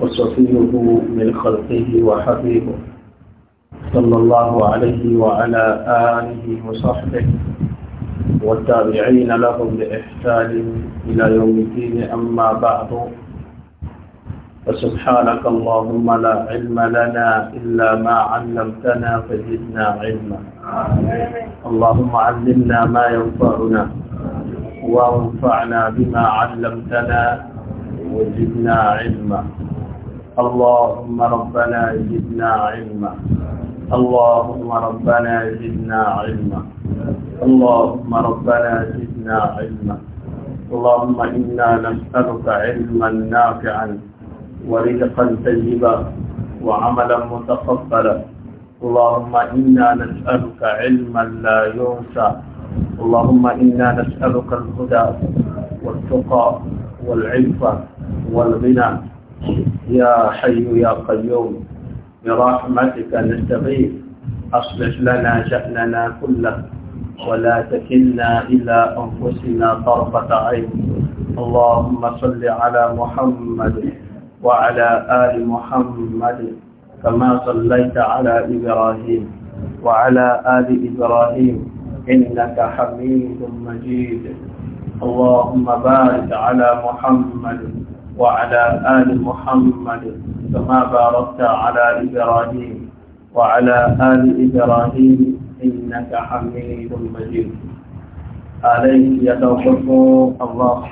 وصفيه من خلقه وحبيبه صلى الله عليه وعلى آله وصحبه والتابعين لهم بإحسان إلى يوم الدين أما بعد فسبحانك اللهم لا علم لنا إلا ما علمتنا فزدنا علما اللهم علمنا ما ينفعنا وانفعنا بما علمتنا وزدنا علما اللهم ربنا زدنا علما اللهم ربنا زدنا علما اللهم ربنا زدنا علما اللهم إنا نسألك علما نافعا ورزقا طيبا وعملا متقبلا اللهم إنا نسألك علما لا ينسى اللهم إنا نسألك الهدى والتقى والعفة والغنى يا حي يا قيوم برحمتك نستغيث أصلح لنا شأننا كله ولا تكلنا إلى أنفسنا طرفة عين اللهم صل على محمد وعلى آل محمد كما صليت على إبراهيم وعلى آل إبراهيم إنك حميد مجيد اللهم بارك على محمد وعلى آل محمد كما باركت على إبراهيم وعلى آل إبراهيم إنك حميد مجيد عليك يتوقف الله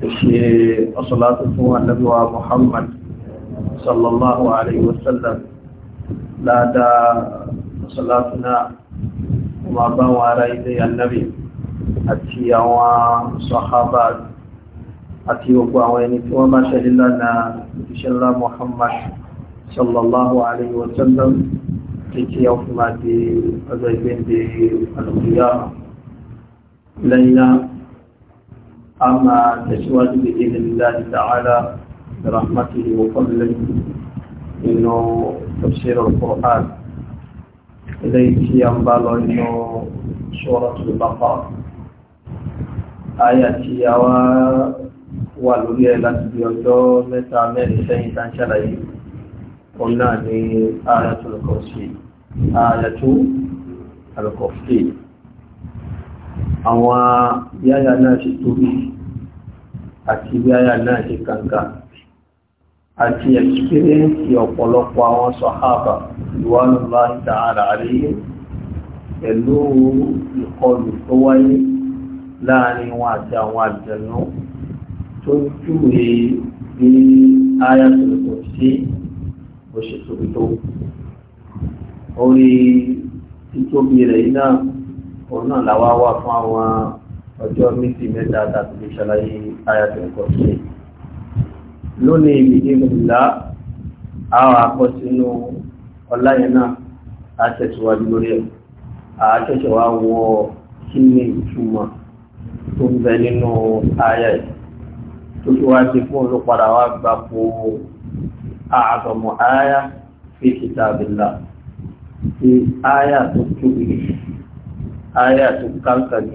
في الصلاة والنبي محمد صلى الله عليه وسلم لا دا صلاتنا وما بوا وعلى النبي أتي àwọn صحابات àti gbogbo àwọn ẹni tí wọ́n bá ṣẹlẹ̀ lánàá ìṣẹ́ ńlá Muhammad sallallahu alayhi wa sallam títí ọkùnrin máa di ọjọ́ ìgbéǹde àlùkìyà lẹ́yìn náà a máa tẹ̀síwájú bí ilẹ̀ ìlànà ta'ala rahmatihi wa fadlihi nínú tafsir al-Qur'an eléyìí tí a ń bá lọ nínú Suratul Baqara àyà tí a wá wà lórí ẹ̀ láti bí ọjọ́ mẹ́ta mẹ́rin sẹ́yìn tá ń ṣàlàyé òun náà ní Ayatul Kursi Ayatul Kursi àwọn yáyà náà ṣe tóbi àti yáyà náà ṣe kàǹkà àti ẹ̀kíkéré ọ̀pọ̀lọpọ̀ àwọn sọ̀hábà ìwánúlá ìdáhàrà àríyé pẹ̀lú ìkọlù tó wáyé láàrin wọn àti àwọn àjẹ̀nú tó júwe bí ayatul kursi bó ṣe tóbi tó orí títóbi rẹ̀ iná òun náà làwa wà fún àwọn ọjọ́ méjì mẹ́ta tàbí lè ṣàlàyé ayatul kursi lónìí ìbìdí ìlà àwọn àkọsínú ọlá yẹn náà á tẹ̀síwájú lórí ẹ̀ àtẹ̀síwá wọ kí ni ìtumọ̀ tó ń bẹ nínú ayé yìí tó tó wá ṣe fún ló padà wá gba po àtọ̀mọ̀ áyá fi kitabillah ti áyá tó tóbi áyá tó káńkà jù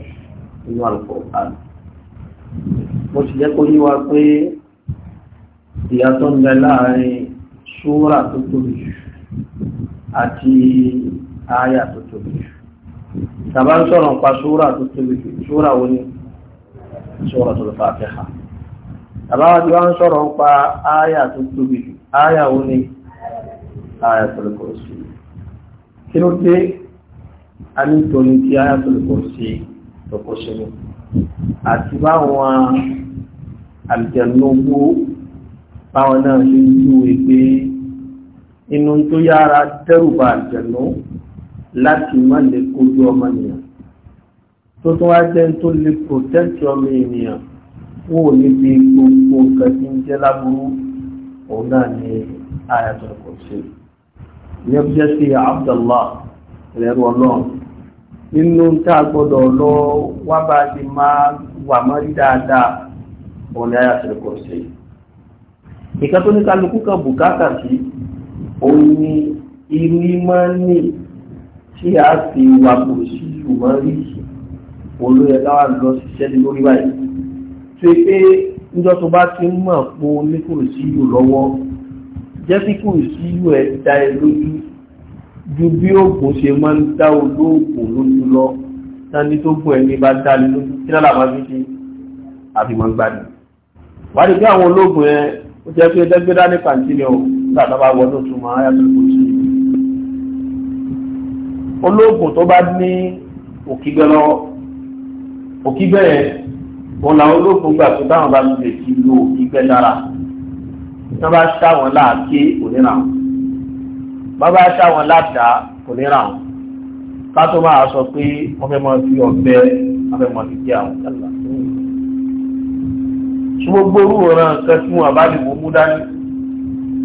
nínú Al-Qur'an mo sì jẹ́ kó yíwa pé ìyàtọ̀ ń bẹ láàrin ṣúra tó tóbi jù àti áyà tó tóbi tàbá ń sọ̀rọ̀ pa ṣúra tó tóbi ṣúra wo ni ṣúra tó lọ Fatiha àbáwájú wá ń sọ̀rọ̀ ń pa ááyà tó tóbi jù ááyà ó ní ááyà tó lùkọ̀ sí kí ló dé a ní torí kí ááyà tó lùkọ̀ sí tó kó sínú àti báwọn àjẹnúgbó báwọn náà ṣe ń júwe pé inú tó yára dẹ́rùbà àjẹnú láti má lè kojú ọmọ ènìyàn tó tún wá jẹ́ tó lè protect ọmọ ènìyàn kú níbi gbogbo nǹkan tí ń jẹ́ láburú òun náà ni ayatul kursi ní ọjọ́ sí abdullah ẹ̀rọ ọlọ́run nínú tá a gbọ́dọ̀ lọ wá bá a ti máa wà mọ́ rí dáadáa òun ni ayatul kursi ìkan tó ní kálukú kan bùkátà sí òun ni irú ìmọ̀ ní tí a fi wà kò sí ìwọ̀n rí olóyè káwá lọ ṣiṣẹ́ lórí báyìí ṣe pé níjọ́ tó bá ti ń mọ̀ pé o ní kùrù sí yù lọ́wọ́ jẹ́ sí kùrù sí yù ẹ̀ dá ẹ lójú ju bí oògùn ṣe máa ń dá olóògùn lójú lọ tani tó gùn ẹni bá dá lójú kí lálà máa fi ṣe àfi máa ń gbani. wàá di pé àwọn olóògùn yẹn ó jẹ́ pé ẹ̀ẹ́dẹ́gbẹ́dá ní pàǹtí ni nígbà tó bá wọnú tó máa yàtọ̀ kùrù sí olóògùn tó bá ní òkígbẹ́ lọ́wọ́ òkígbẹ́ yẹn òun làwọn olóògùn gbà pé báwọn bá lè fi lo ìgbẹ́ dára tí wọ́n bá ṣáwọn láàké kò ní ràn wọ́n bá ṣáwọn ládàá kò ní ràn wọ́n ká tó máa sọ pé wọ́n fẹ́ máa fi ọ̀bẹ wọ́n fẹ́ máa fi jẹ àwọn kálá. ṣùgbọ́n gbogbo ọ̀ràn nǹkan tí wọ́n bá lè wọ́n mú dání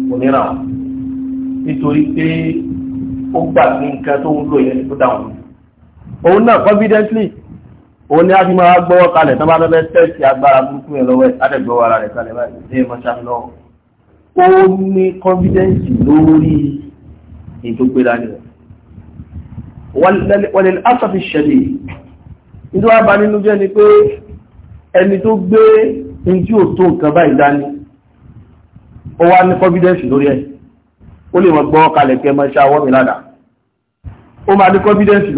kò ní ràn wọ́n nítorí pé ó gbà pé nǹkan tó ń lò yẹn ló dáhùn. òun náà confidently òun ni a fi máa gbọ́wọ́ kalẹ̀ tó bá lọ́bẹ̀ tẹ́ẹ̀sì agbára burúkú ẹ̀ lọ́wọ́ adẹ́gbọ́wọ́ ara rẹ̀ kalẹ̀ báyìí ṣe mọ́ṣá lọ ó ní kọ́fídẹ́ǹsì lórí ètò gbéra ni wọ́n lè asọ́fi ṣẹlẹ̀ nínú ni pé ẹni tó gbé ní tí ò tó nǹkan báyìí dání ó wá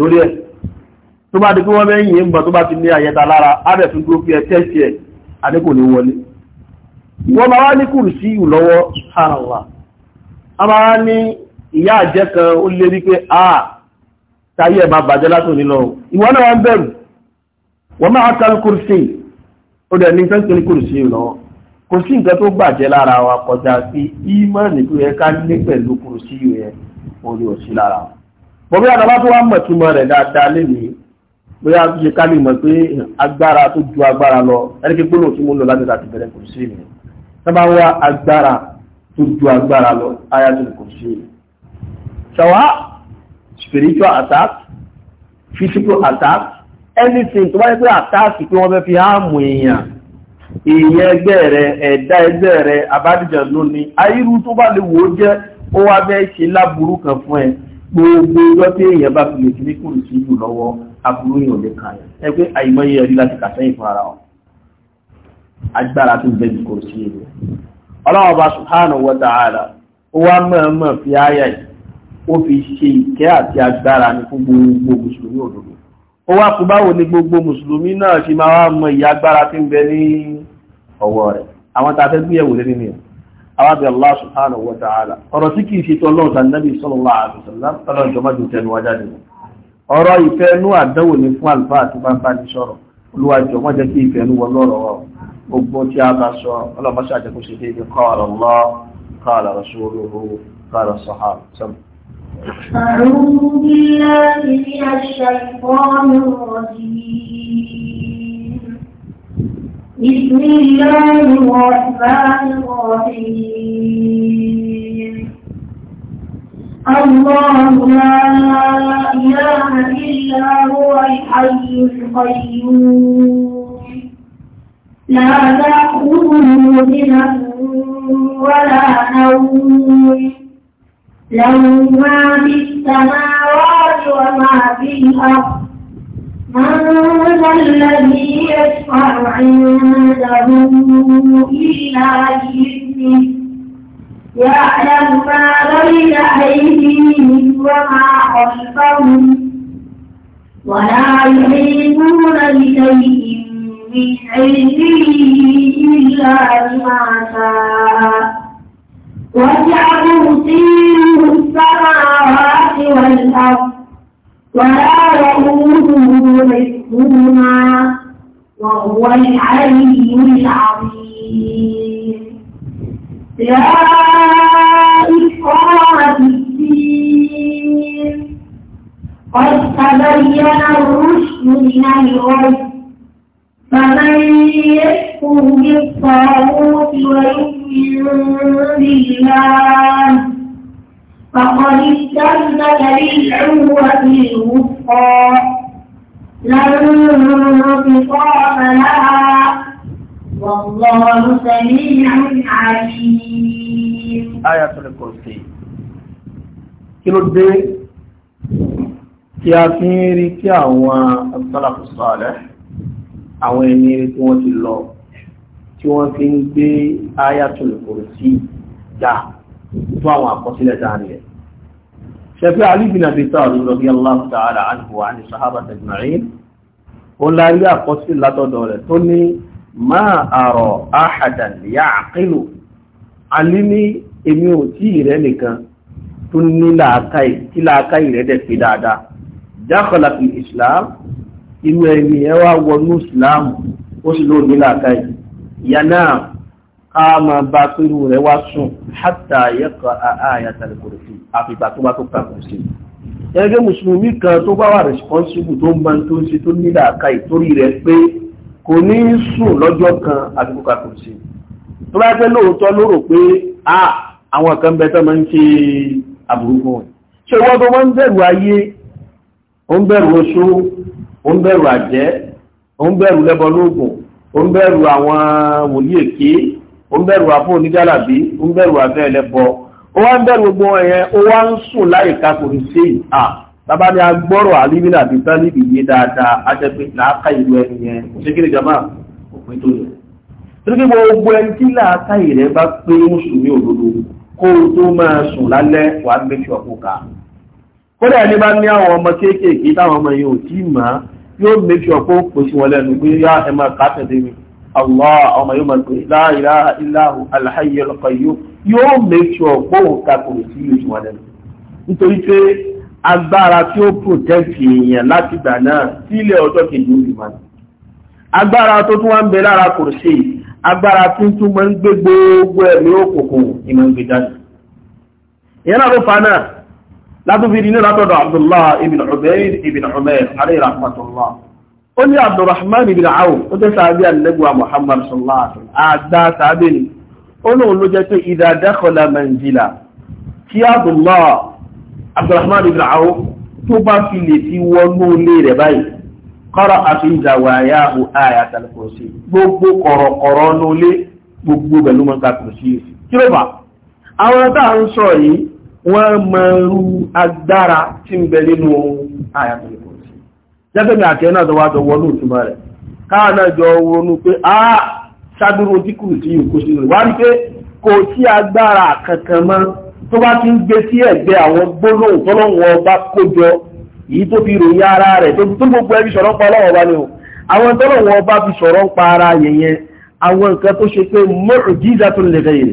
lórí ẹ̀ tó bá di pé wọ́n mẹ́yìn ń bọ̀ tó bá ti ní àyẹta lára ábẹ̀ tún dúró pé ẹ tẹ́sì ẹ̀ adékò ní wọlé wọ́n máa ní kùrù sí ìlọ́wọ́ sàrànwà a máa ní ìyá àjẹ́ kan ó lé ní pé a táyé ẹ̀ máa bàjẹ́ látò nílọ ìwọ náà wọ́n bẹ̀rù wọ́n máa kan kùrù sí ó dẹ̀ ní sẹ́ńtò ní kùrù sí ìlọ́wọ́ kò sí nǹkan tó bàjẹ́ lára wa kọjá sí ímọ̀nì tó yẹ ká ní pẹ̀lú kùrù sí ìyẹn orí òsì lára wọn bí àdàbà tó wá mọ̀ túmọ̀ rẹ̀ dáadáa lénìí bóyá ṣe ká lè mọ̀ pé agbára tó ju agbára lọ ẹnikẹ́ gbóná tí mo lọ láti láti bẹ̀rẹ̀ kò sí ènìyàn sábà wá agbára tó ju agbára lọ ayatul kursi ṣọwá spiritual attack physical attack anything tó wáyé pé attack pé wọ́n fẹ́ fi háàmù èèyàn èèyàn ẹgbẹ́ rẹ̀ ẹ̀dá ẹgbẹ́ rẹ̀ abájújàn lónìí ayírú tó bá lè wò ó jẹ́ ó wá fẹ́ ṣe láburú kan fún ẹ gbogbo ọjọ́ tí èèyàn bá fi lè fi ní kùrù sí jù lọ́wọ́ aburú yìí ò lè kàn yẹn ẹ pé àìmọye ẹ̀rí láti kà sẹ́yìn fún ara wọn agbára tó bẹ́ẹ̀ kò sí èlò ọlọ́wọ́ bá subhanahu wa ta'ala ó wá mọ̀ọ́mọ̀ fi áyà yìí ó fi ṣe ìkẹ́ àti agbára ní fún gbogbo mùsùlùmí òdodo ó wá kú báwo ni gbogbo mùsùlùmí náà ṣe máa wá mọ ìyá agbára tí ń bẹ ní ọwọ́ rẹ̀ àwọn tá a fẹ́ gbéyẹ̀wò lé nínú awábẹ̀ Allah subhanahu wa ta'ala ọ̀rọ̀ tí kìí ṣe tọ́lọ́ ọ̀rọ̀ ìfẹ́ ìfẹ́nú àdánwò ní fún àlùfáà àti bàbá ní sọ̀rọ̀ olúwàjọ wọ́n jẹ́ kí ìfẹ́ ìfẹ́nú wọ lọ́rọ̀ gbogbo tí a bá sọ ọlọ́mọṣẹ́ àjẹkù sí déédéé qala Allah qala rasuluhu qala sahaba sẹ́mu. أعوذ بالله من الشيطان الرجيم بسم الله الرحمن الرحيم الله لا إله إلا هو الحي القيوم لا تأخذه سنة ولا نوم له ما في السماوات وما في الأرض من ذا الذي يشفع عنده إلا بإذنه يعلم ما بين أيديهم وما خلفهم ولا يحيطون بشيء من علمه إلا بما شاء وسع كرسيه السماوات والأرض ولا يئوده حفظهما وهو العلي العظيم قد تبين الرشد من الغي فمن يكفر بالطاغوت ويؤمن بالله فقد استمسك بالعروة الوثقى لا انقطاع لها والله سميع عليم آية الكرسي كيلو tí a fi ń rí tí àwọn as-salafu salih àwọn ẹni rí tí wọ́n ti lọ tí wọ́n fi ń gbé ayatul kursi dá tó àwọn àkọsílẹ̀ dáadìẹ̀ ṣẹfẹ́ Ali bin Abi Talib radiyallahu ta'ala anhu wa ani sahabati ajma'in ó láyé àkọsílẹ̀ látọ̀dọ̀ rẹ̀ tó ní máa ò tí ì nìkan tó ní làákàyè rẹ̀ dẹ̀ fi dáadáa dákọ̀lá fi islam inú ẹ̀mí ẹ wá wọnú islam ó sì ló ní làákàyè yànà a máa bá pẹ̀lú rẹ̀ wá sùn hátà yẹ́kọ̀ àyàtàlẹ̀ kò sí àfìgbà tó bá tó kàkùn sí ẹgbẹ́ mùsùlùmí kan tó bá wà responsible tó máa tó ń ṣe tó ní làákàyè torí rẹ̀ pé kò ní sùn lọ́jọ́ kan àti kàkùn sí tó bá pẹ́ lóòótọ́ ló rò pé ah, àwọn kan bẹ tó máa ń ṣe àbúrú fún wọn wọ́n tó máa ń bẹ̀rù ayé ó ń bẹ̀rù oṣó ó ń bẹ̀rù àjẹ́ ó ń bẹ̀rù lẹ́bọlógún ó ń bẹ̀rù àwọn wòlíì èké ó ń bẹ̀rù àfọ onígálàbí ó ń bẹ̀rù àfẹ́ ẹlẹ́bọ ó wá ń bẹ̀rù gbogbo ẹ̀yẹn ó wá ń sùn láìka kò ní ṣe à bàbá ni agbọ́rọ̀ àlíbínà àti sálíbì yé dáadáa ajẹ́pẹ́ làákà ìlú ẹni yẹn kò ṣe kíni jama òpin tó yẹ. torí gbogbo ẹni tí làákà ìrẹ́ bá pé mùsùlùmí òdodo kó o tó máa sùn lálẹ́ wàá mẹ́tì ọ̀pọ̀ kàá kódà ẹni bá ní àwọn ọmọ kéékèèké táwọn ọmọ yìí ò tí mà á yóò make sure pé wọn lẹ́nu pé yá ẹ máa mi Allah ọmọ yóò máa pè la ilaha illa hu al-hayyul qayyum yóò make sure pé òun takòrò sí yóò sí wọn lẹ́nu nítorí pé agbára tí ó protect èèyàn láti gbà náà sí ilé ọjọ́ kejì ó lè agbára tó tún wá ń bẹ lára kòrìsì agbára tí tún máa ń gbé gbogbo ẹ̀mí òkùnkùn ìmọ̀ ìgbèjáde ìyẹn ló fa náà látún fi rí ní látọ̀dọ̀ abdullah ibn ubayd ibn umair alayhi rahmatullah ó ní abdulrahman ibn awf ó jẹ́ sàábí alẹ́gbà muhammad sallallahu alaihi wasallam àgbà sàábí ni ó lóun ló jẹ́ pé idha dakhala manzila kí abdullah abdulrahman ibn awf tó bá fi lè ti wọnú ilé rẹ̀ báyìí kọ́rọ̀ àti ìdàwàyà wọ́n mọ̀ irú agbára tí ń bẹ nínú àyàtọ̀ ìkọ̀ọ̀sí jẹ́gbẹ̀mí àtẹ́ náà tó wá jọ a ṣàdúró díkùrù tí yóò kó sí rẹ̀ wá ní pé kò sí agbára kankan mọ́ tó bá ti ń gbé sí ẹ̀gbẹ́ àwọn gbólóhùn tọ́lọ́wọ́ bá kójọ yìí tó fi ròyìn ara rẹ̀ sọ̀rọ̀ pa pa ara yẹ̀yẹn àwọn nǹkan tó ṣe pé mọ́rùn jíjà tó lè fẹ́ yìí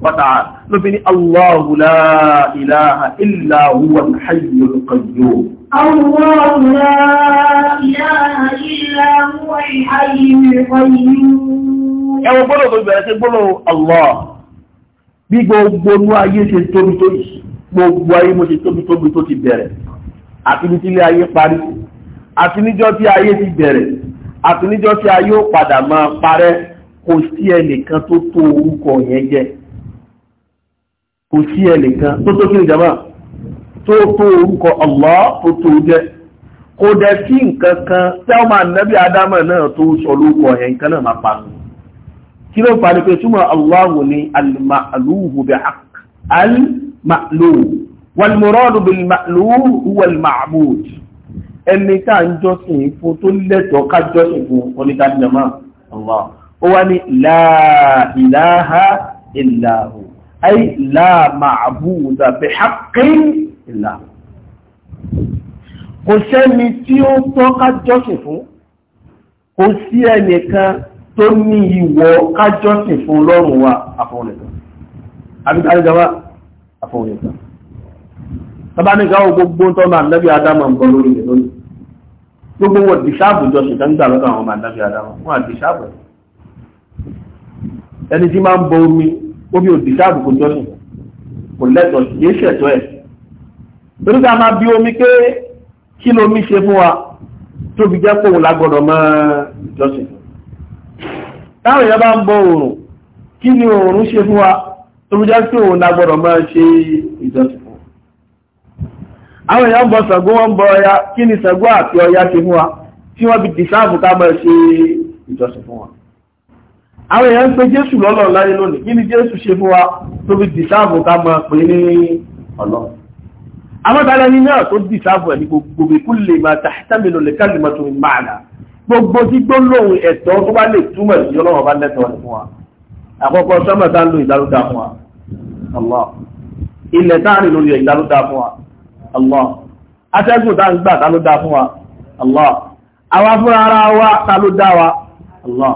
wàtàrà ló fi ní Allahu la ilaha illa huwa al-hayyul qayyum Allahu la ilaha illa huwa al-hayyul qayyum Ẹwọ gbọ́dọ̀ tó bẹ̀rẹ̀ sí gbọ́dọ̀ Allah bí gbogbo ní ayé ṣe tóbi tó yìí, gbogbo ayé mo ṣe tóbi tóbi tó ti bẹ̀rẹ̀, àti ní tí ilé ayé parí, àti níjọ́ tí ayé ti bẹ̀rẹ̀, àti níjọ́ tí ayé ó padà máa parẹ́ kò sí ẹnìkan tó tó orúkọ yẹn jẹ́ kò sí ẹnìkan tó tó kí ní jama tó tó orúkọ Allah tó tó jẹ́ kò dẹ̀ sí nǹkan kan tí ọmọ ànábì Ádámà náà tó sọ lórúkọ ẹ̀ nǹkan náà máa pa kí ló ń jọ́sìn fún tó lẹ́tọ̀ọ́ ní la ilaha illa hu أي لا معبود بحق إلا kò sẹ́ni tí ó tọ́ ká jọ́sìn fún kò sí ẹnìkan tó ní ìwọ̀ ká jọ́sìn fún lọ́rùn wa àfọwọ́nìkan àbíkàrígbàwà àfọwọ́nìkan tọba ní gáwọ́ gbogbo tó máa lẹ́bí adámọ̀ ń bọ́ lórí rẹ̀ lónìí gbogbo wọ́n dìṣáàbù jọ́sìn kan gbà lọ́dọ̀ àwọn máa lẹ́bí adámọ̀ wọ́n àdìṣáàbù ẹni tí máa ń omi òdì sáàbù kò jọ́sìn kò lẹ́tọ̀ọ́ sí yéé ṣẹ̀tọ́ ẹ̀ torí ká máa bí omi pé kí ló mi ṣe fún wa tó fi jẹ́ pòun lágbọ́dọ̀ mọ́ jọ́sìn táwọn èèyàn bá ń bọ ìjọsìn fún wa tí wọ́n fi dì ká mọ́ ṣe ìjọsìn fún wa àwọn èèyàn ń pe jésù lọ́lọ́ láyé lónìí kí ni jésù ṣe fún wa tó fi dìsáàbù ká máa pè ní ọ̀lọ́ amọ́tàlẹ́ ní náà tó dìsáàbù ẹ̀ ní gbogbo ìkú lè máa tàbílò lè káàdì máa tún máàlá gbogbo tí gbólóhùn ẹ̀tọ́ tó bá lè túmọ̀ sí ọlọ́run bá lẹ́tọ̀ọ́ rẹ̀ fún wa àkọ́kọ́ sọ́mọ̀ tá ń lo ìdálódà fún wa ilẹ̀ tá ń lo ìdálódà fún wa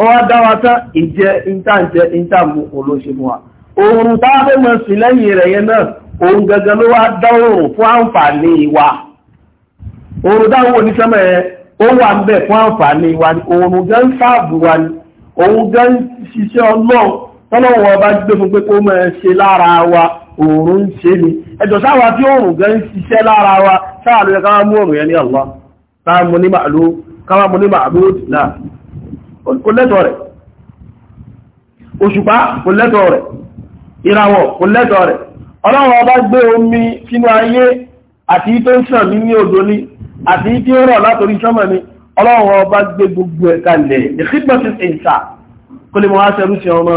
wá dá wa ìjẹ ìntàǹjẹ ìntàmù olóṣè wa oòrùn táwọn mọ̀ sí lẹ́yìn rẹ̀ yẹn náà oòrùn gẹ́gẹ́ ló wá dá fún àǹfààní wa oòrùn ní sẹ́mọ̀ ẹ̀ ó wà ń bẹ̀ fún àǹfààní wa ni oòrùn gẹ́ ń sáàbù wa ni oòrùn gẹ́ ń ṣiṣẹ́ ọlọ́run tọ́lọ́wọ́ ọba gbé fún pé kó mọ̀ ṣe lára wa kò lẹ́tọ̀ rẹ̀ òṣùpá kò lẹ́tọ̀ rẹ̀ ìràwọ̀ kò lẹ́tọ̀ rẹ̀ ọlọ́run ọba gbé omi sínú ayé àti tó ń sàn ní ní odò ní àti tí ó rọ̀ látorí sánmà ní ọlọ́run ọba gbé gbogbo ẹ̀ kalẹ̀ ní christmas ìsà kó lè mọ́ aṣẹ́rú sí ọmọ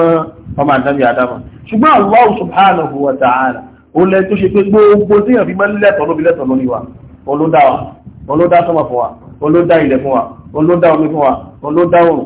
ọmọ àdámi àdámà ṣùgbọ́n Allah subhanahu wa ta'ala ó lẹ́ tó ṣe pé gbogbo tí yàn fi mọ́ lẹ́tọ̀ lóbi lẹ́tọ̀ lóní ilẹ̀ fún wa olódá omi fún wa olódá oòrùn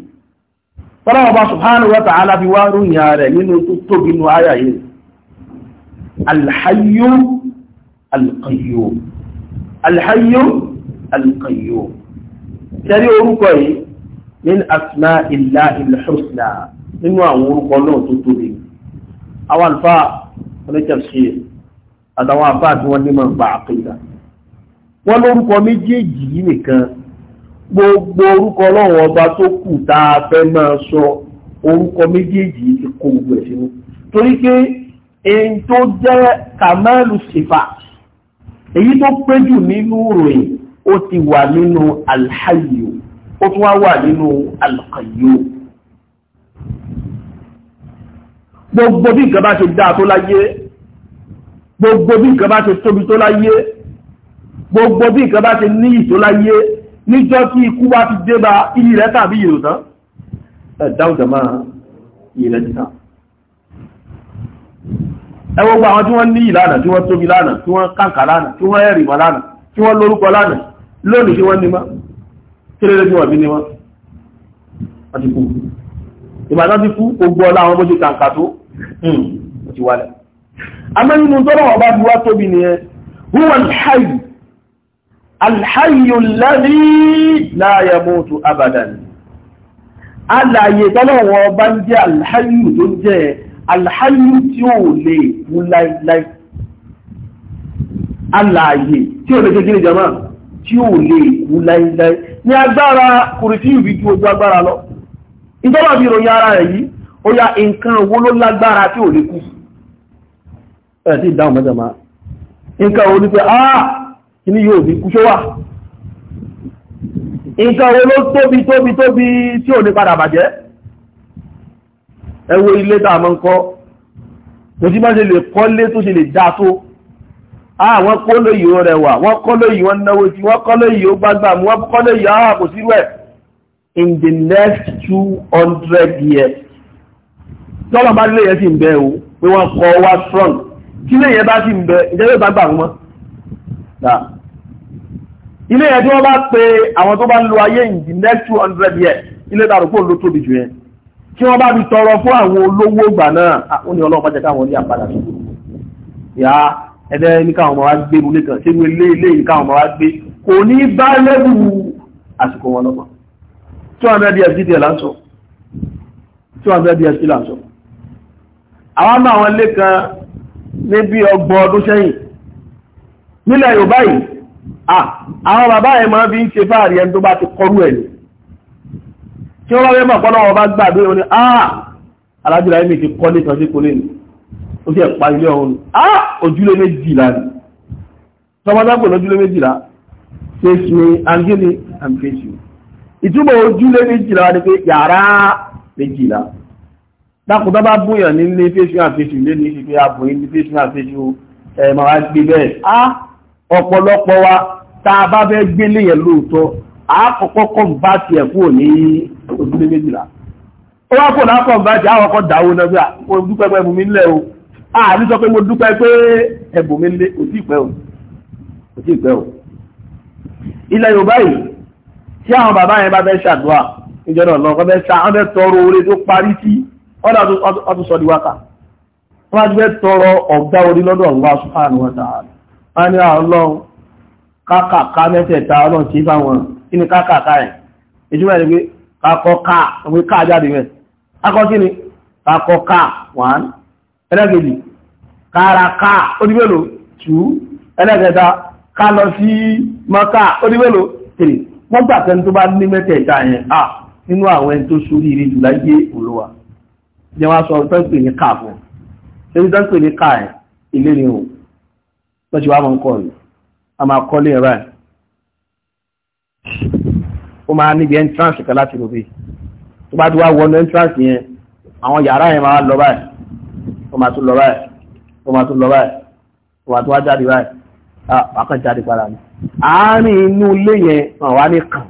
tọ́lọ́wọ́ bá subhanahu wa ta'ala fi wá rúnyà rẹ̀ nínú tó tóbi nù ayà yìí alhayyu alqayyum alhayyu alqayyum tẹ́rí orúkọ yìí min asma'illahi alhusna nínú àwọn orúkọ náà tó tóbi àwọn alfa onítẹ̀sí lórúkọ méjèèjì yìí nìkan gbogbo orúkọ ọlọ́run ọba tó kù tá a fẹ́ máa sọ orúkọ méjèèjì ti kó gbogbo ẹ̀ torí pé èyí tó jẹ́ kàmẹ́lù sífà èyí tó pé jù nínú ròyìn ó ti wà nínú alhayu ó tún wá wà nínú alqayyu gbogbo bí nǹkan bá ṣe dáa tó láyé gbogbo bí nǹkan ṣe tóbi tó láyé gbogbo bí nǹkan ṣe níyì tó láyé níjọ́ tí ikú bá ti dé bá iyì rẹ̀ tàbí ìrò tán ẹ̀dáwùdà máa iyì rẹ̀ ti tán ẹ wo gbogbo àwọn tí wọ́n ní ìlànà tí wọ́n tóbi lánà tí wọ́n kàǹkà lánà tí wọ́n ẹ̀rìmọ̀ lánà tí wọ́n lórúkọ lánà lónìí tí wọ́n ní mọ́ huwa al alhayu lẹ́rí láyẹmótù abadan alàyè tọ́lọ̀wọ́ bá ń jẹ́ alhayu tó jẹ́ alhayu tí ó lè mú láìláì alàyè tí ó lè jẹ́ gírí jama tí ó lè mú láìláì ní agbára kùrìtí ìbí ju ojú agbára lọ ìjọba bí ìròyìn ara rẹ̀ yìí ó yá nǹkan owó ló lágbára tí ò lè kú ẹ̀ sí ìdáhùn mẹ́jọ máa nǹkan owó ní pé ah kí ni yóò ní kú ṣó wà nǹkan wo ló tóbi tóbi tóbi tí ò ní padà bàjẹ́ ẹ ilé tá mọ́ ń kọ́ kò sí bá ṣe lè kọ́lé tó ṣe lè dá tó àwọn kọ́lé yìí ó rẹwà wọ́n kọ́lé yìí wọ́n náwó sí wọ́n kọ́lé yìí ó gbágbà mú wọ́n kọ́lé yìí àwọn sí rẹ̀ in the next 200 years tọ́lọ̀ bá lè yẹ ilé yẹn tí wọ́n bá pe àwọn tó bá ń lo ayé in the next two hundred years ilé dàrúkọ ló tóbi jù yẹn kí wọ́n bá fi tọrọ fún àwọn olówó gbà náà ó ní ọlọ́run pàjẹ́ káwọn ní àpadà tó yá ẹ̀dẹ́ ní káwọn ọmọ wa gbé múlé kan sínú ilé ilé yìí káwọn ọmọ wa gbé kò ní bá lẹ́bù àsìkò wọn lọ́pọ̀ two hundred years dídì ẹ̀ lásọ two hundred years sí lásọ àwọn náà àwọn ilé kan ní bí ọgbọ̀n ọdún sẹ́yìn nílẹ̀ Yorùbá yìí àwọn bàbá ẹ̀ máa bí ń ṣe fáàrí ẹni tó bá ti kọrú ẹ̀ ní tí wọ́n bá fẹ́ mọ̀kọ́ lọ́wọ́ bá gbà bí oní àà alájùlá ẹ̀mí ti kọ́ ní ìtànṣe kò lè ní ó sì ẹ̀pa ilé ọ̀hún àà ojúlé méjìlá ni tọmọdápò lójúlé méjìlá face me angele and face you ìtumọ̀ ojúlé méjìlá ni pé yàrá méjìlá dákùn bá bá bóyàn ní ilé face you and face you lé ní ìṣẹ́ pé abòyìn ní face you and face you ẹ̀ máa gbé bẹ́ẹ̀ ọ̀pọ̀lọpọ̀ wa tá a bá fẹ́ gbélé yẹn lóòótọ́ àákọ́kọ́ kọ̀m̀bátì ẹ̀ kúrò ní ojúlé méjìlá ó wá kò láàkọ̀ bájì àwọ̀kọ́ dáwó náà bí o ààrí sọ pé mo dúpẹ́ pé o kò tí ìpẹ́ o ilẹ̀ Yorùbá yìí tí àwọn bàbá yẹn bá fẹ́ ṣàdúrà ìjọba ọ̀nà ọ̀kan fẹ́ ṣá wọ́n fẹ́ tọrọ oore tó parí sí ọ̀dà ọtún sọ di wákà wọ́n fẹ́ tọrọ ọ̀gá orí lọ́dọ̀ Allah subhanahu wa ta'ala a ní ọlọ́run kákàká mẹ́tẹ̀ẹ̀ta ọlọ́run tí bá wọn kí ni kákàká ẹ̀ ìjúmọ̀ ẹni pé kakọ káà jáde rẹ̀ akọ kí ni kakọ káà wàn ẹlẹ́gẹ̀dì kára káà oníbèlò tù ẹlẹ́gẹ̀ta ká lọ sí mọ́ká oníbèlò tèrè wọ́n gbà tẹ́ni tó bá ní mẹ́tẹ̀ẹ̀ta yẹn à nínú àwọn lọ́sí wá mọ́ ń kọ́ rẹ̀ a máa kọ́ lè rẹ̀ ó máa níbi entrance kan láti rògbé tó bá ti wá wọnú entrance yẹn àwọn yàrá yẹn máa lọ báyìí ó máa tún lọ báyìí ó máa tún lọ báyìí ó máa tún wá jáde báyìí àkàn jáde padà ní àárín inú ilé yẹn wọn wá ní kàn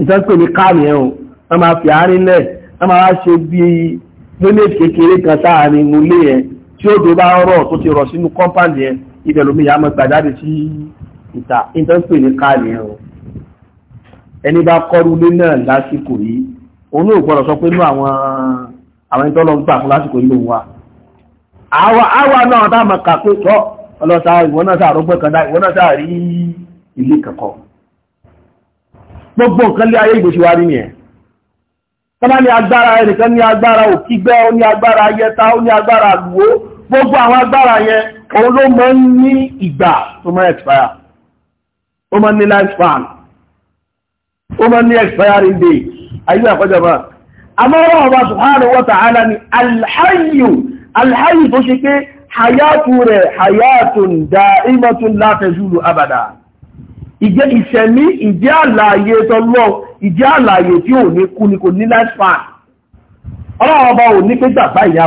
ìtàn pè ní káàmì yẹn o wọn máa fi àárín lẹ̀ wọn máa wá ṣe bí lónìí kékeré kan sáàárín inú ilé yẹn tí ó dòbá rọ̀ tó ti rọ̀ sínú kọ́mpáàlì ẹ ibẹ̀ lómi ìyá mọ́ gbàjáde sí ìta ìtọ́sípè ní káàlì ẹ o ẹni bá kọ́rú lé náà lásìkò yìí òun náà gbọ́dọ̀ sọ pé inú àwọn àwọn ìtọ́ lọ ń gbà fún lásìkò yìí lòun wà àwa náà tá a mọ̀ kà pé tọ́ ọlọ́sà ìwọ náà sáà rọ́gbẹ́ kan dá ìwọ náà sáà rí ilé kẹ̀kọ́ gbogbo nǹkan tọ́lá ní agbára ẹnìkan ní agbára òkígbẹ́ ó ní agbára ayẹta ó ní agbára àlùwó gbogbo àwọn agbára yẹn òun ló mọ́ ní ìgbà tó mọ́ expire ó mọ́ ní life span ó mọ́ ní expiring day ayé àkọ́jọba amọ́rọ̀ ọba subhanahu wa ta'ala ni alhayu alhayu tó ṣe pé hayatu rẹ̀ hayatun da'imatun la tazulu abada ìjẹ́ ìṣẹ̀mí ìjẹ́ àlàyé tọ́lọ́ ìjẹ́ àlàyé tí ò ní kú ni kò ní life ọlọ́wọ́ ọba ò ní pé gbàgbá ìyá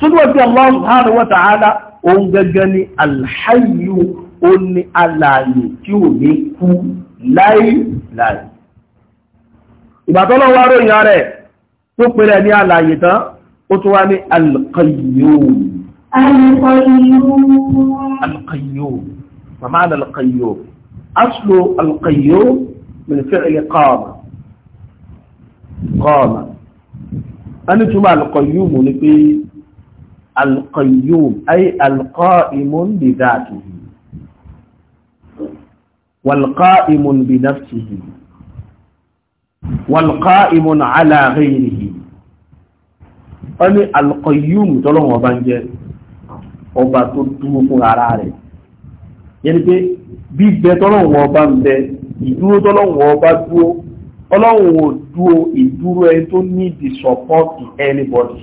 túnbọ̀ sí Allah subhanahu wa ta'ala òun gẹ́gẹ́ ní alhayyu ó ní alààyè tí ò ní kú láìláì ìbàtọ́lọ́ wa ròyìn rẹ̀ tó pèrè ní alààyè tán ó tún wá ní alqayyum alqayyum màmá alqayyum aslu alqayyum min fi'li qama ní pé القيوم أي القائم بذاته والقائم بنفسه والقائم على غيره أني القيوم تلوه وبانجẹ́ ọba tó dúró fún ara rẹ̀ yẹni pé bíbẹ tọ́lọ́wọ́ ọba ń bẹ ìdúró tọ́lọ́wọ́ ọba dúró ọlọ́wọ́ dúró ìdúró ẹ tó ní the support anybody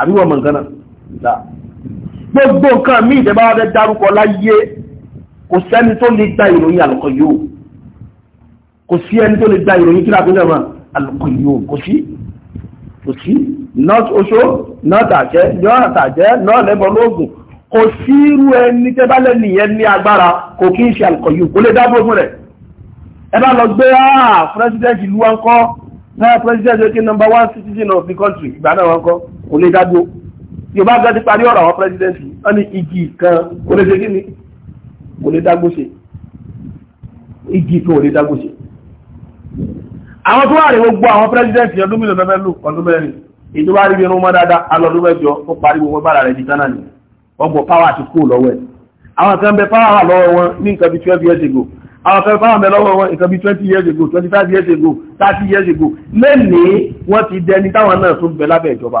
àríwọ̀ mọ̀ǹkan náà gbogbo nǹkan mí ìjẹba wọn fẹ́ dárúkọ láyé kò sẹ́ni tó lè gba ìròyìn àlùkọ yóò kò sí ẹni tó lè gba ìròyìn kíra fún ẹ̀mọ́ àlùkọ yóò kò sí kò sí not oṣó not àjẹ́ not àjẹ́ not lẹ́bọ̀ lóògùn kò sí irú ẹni tẹ́ bá ní agbára kò kí ń ṣe àlùkọ yóò kò lè dábò fún rẹ̀ ẹ bá lọ gbé ah president ìlú wa kọ́ náà president ẹ̀kí number one citizen of the country ìgbà náà wa kọ́ kò lè dádó yorùbá gan ti parí ọ̀rọ̀ àwọn pírẹsidẹ́ǹtì wọ́n ní igi kan kò lè ṣe kí ni kò lè dágbó ṣe igi kan ò lè dágbó ṣe àwọn tó wà ní gbogbo àwọn pírẹsidẹ́ǹtì ọdún mílíọ̀nù fẹ́ lù ọdún mẹ́rin ìjọba rí bí irun mọ́ dáadáa alọ́dún mẹ́jọ ó parí gbogbo bára rẹ̀ di gánà ni ọgbọ̀ páwà ti kú lọ́wọ́ ẹ̀ àwọn kan bẹ páwà wà lọ́wọ́ wọn ní nǹkan bí twelve years ago àwọn kan páwà bẹ lọ́wọ́ wọn nǹkan bí twenty years ago twenty five years ago thirty years ago lẹ́nìí wọ́n ti dẹni táwọn náà tún bẹ lábẹ́ ìjọba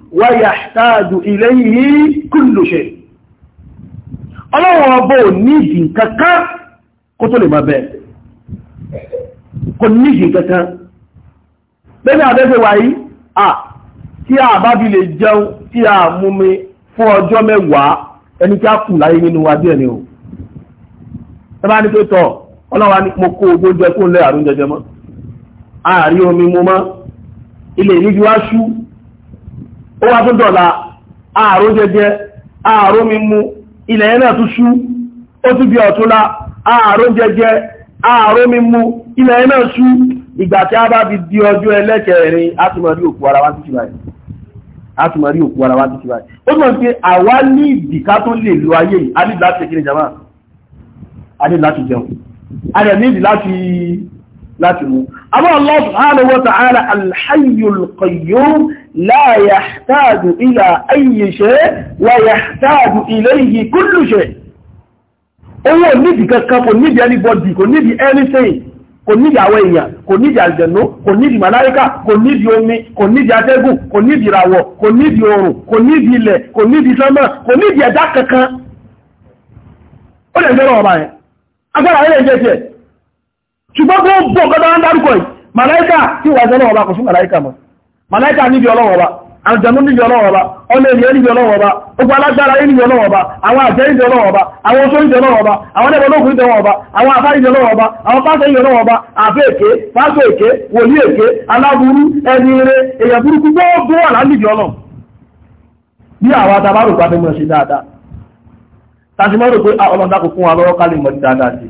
wáyàtàdù ilé yìí kúlù ṣe ọlọ́run ọbọ̀ nídì kankan kó tó lè máa bẹ̀ kò nídì kankan bẹ́ẹ̀ àbẹ́fẹ́ wáyí à tí a bá bí lè jẹun tí a múmi fún ọjọ́ mẹ́wàá ẹni tí a kù láyé nínú wa díẹ̀ ni o ẹbá ilé ìníjú wá ṣú ó wá tún dọ̀la ààrò jẹjẹ ààrò mímú ilẹ̀ yẹn náà tún ṣú ó tún bí jẹjẹ mímú ilẹ̀ yẹn náà ṣú ìgbà tí a bá fi di ọjọ́ a òkú ara wá títí báyìí a ti mọ̀ rí wá títí báyìí ó tó lè lo ayé yìí a ní أما الله سبحانه وتعالى الحي القيوم لا يحتاج إلى أي شيء ويحتاج إليه كل شيء owó níbi kankan kò níbi anybody kò níbi anything kò níbi àwọn èèyàn kò níbi àjẹ̀nú kò níbi màláíkà kò níbi omi kò níbi atẹ́gùn kò níbi ìràwọ̀ kò níbi oòrùn kò níbi ilẹ̀ kò níbi sánmà kò níbi ẹ̀dá kankan ó lè ń fẹ́ràn yẹn agbára rẹ̀ ń jẹ́ tiẹ̀ ṣùgbọ́n tó bọ̀ kọ́ta wọ́n dárúkọ yìí màláíkà tí wà ìṣẹ́ ọlọ́wọ́ bá kò fún màláíkà mọ̀ màláíkà níbi ọlọ́wọ́ bá àjẹ̀mú níbi ọlọ́wọ́ bá ọlẹ́rìí níbi ọlọ́wọ́ bá ogun alágbára níbi ọlọ́wọ́ bá àwọn àjẹ́ níbi ọlọ́wọ́ bá àwọn oṣó níbi ọlọ́wọ́ bá àwọn ẹgbẹ́ níbi ọlọ́wọ́ bá àwọn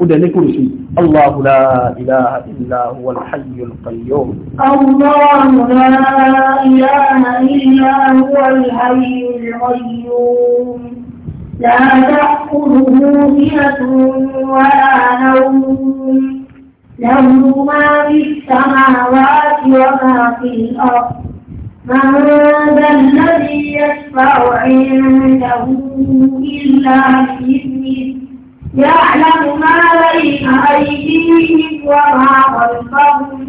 ودني الله لا إله إلا هو الحي القيوم الله لا إله إلا هو الحي القيوم لا تأخذه سنة ولا نوم له ما في السماوات وما في الأرض من ذا الذي يشفع عنده إلا بإذنه يعلم ما بين أيديهم وما خلفهم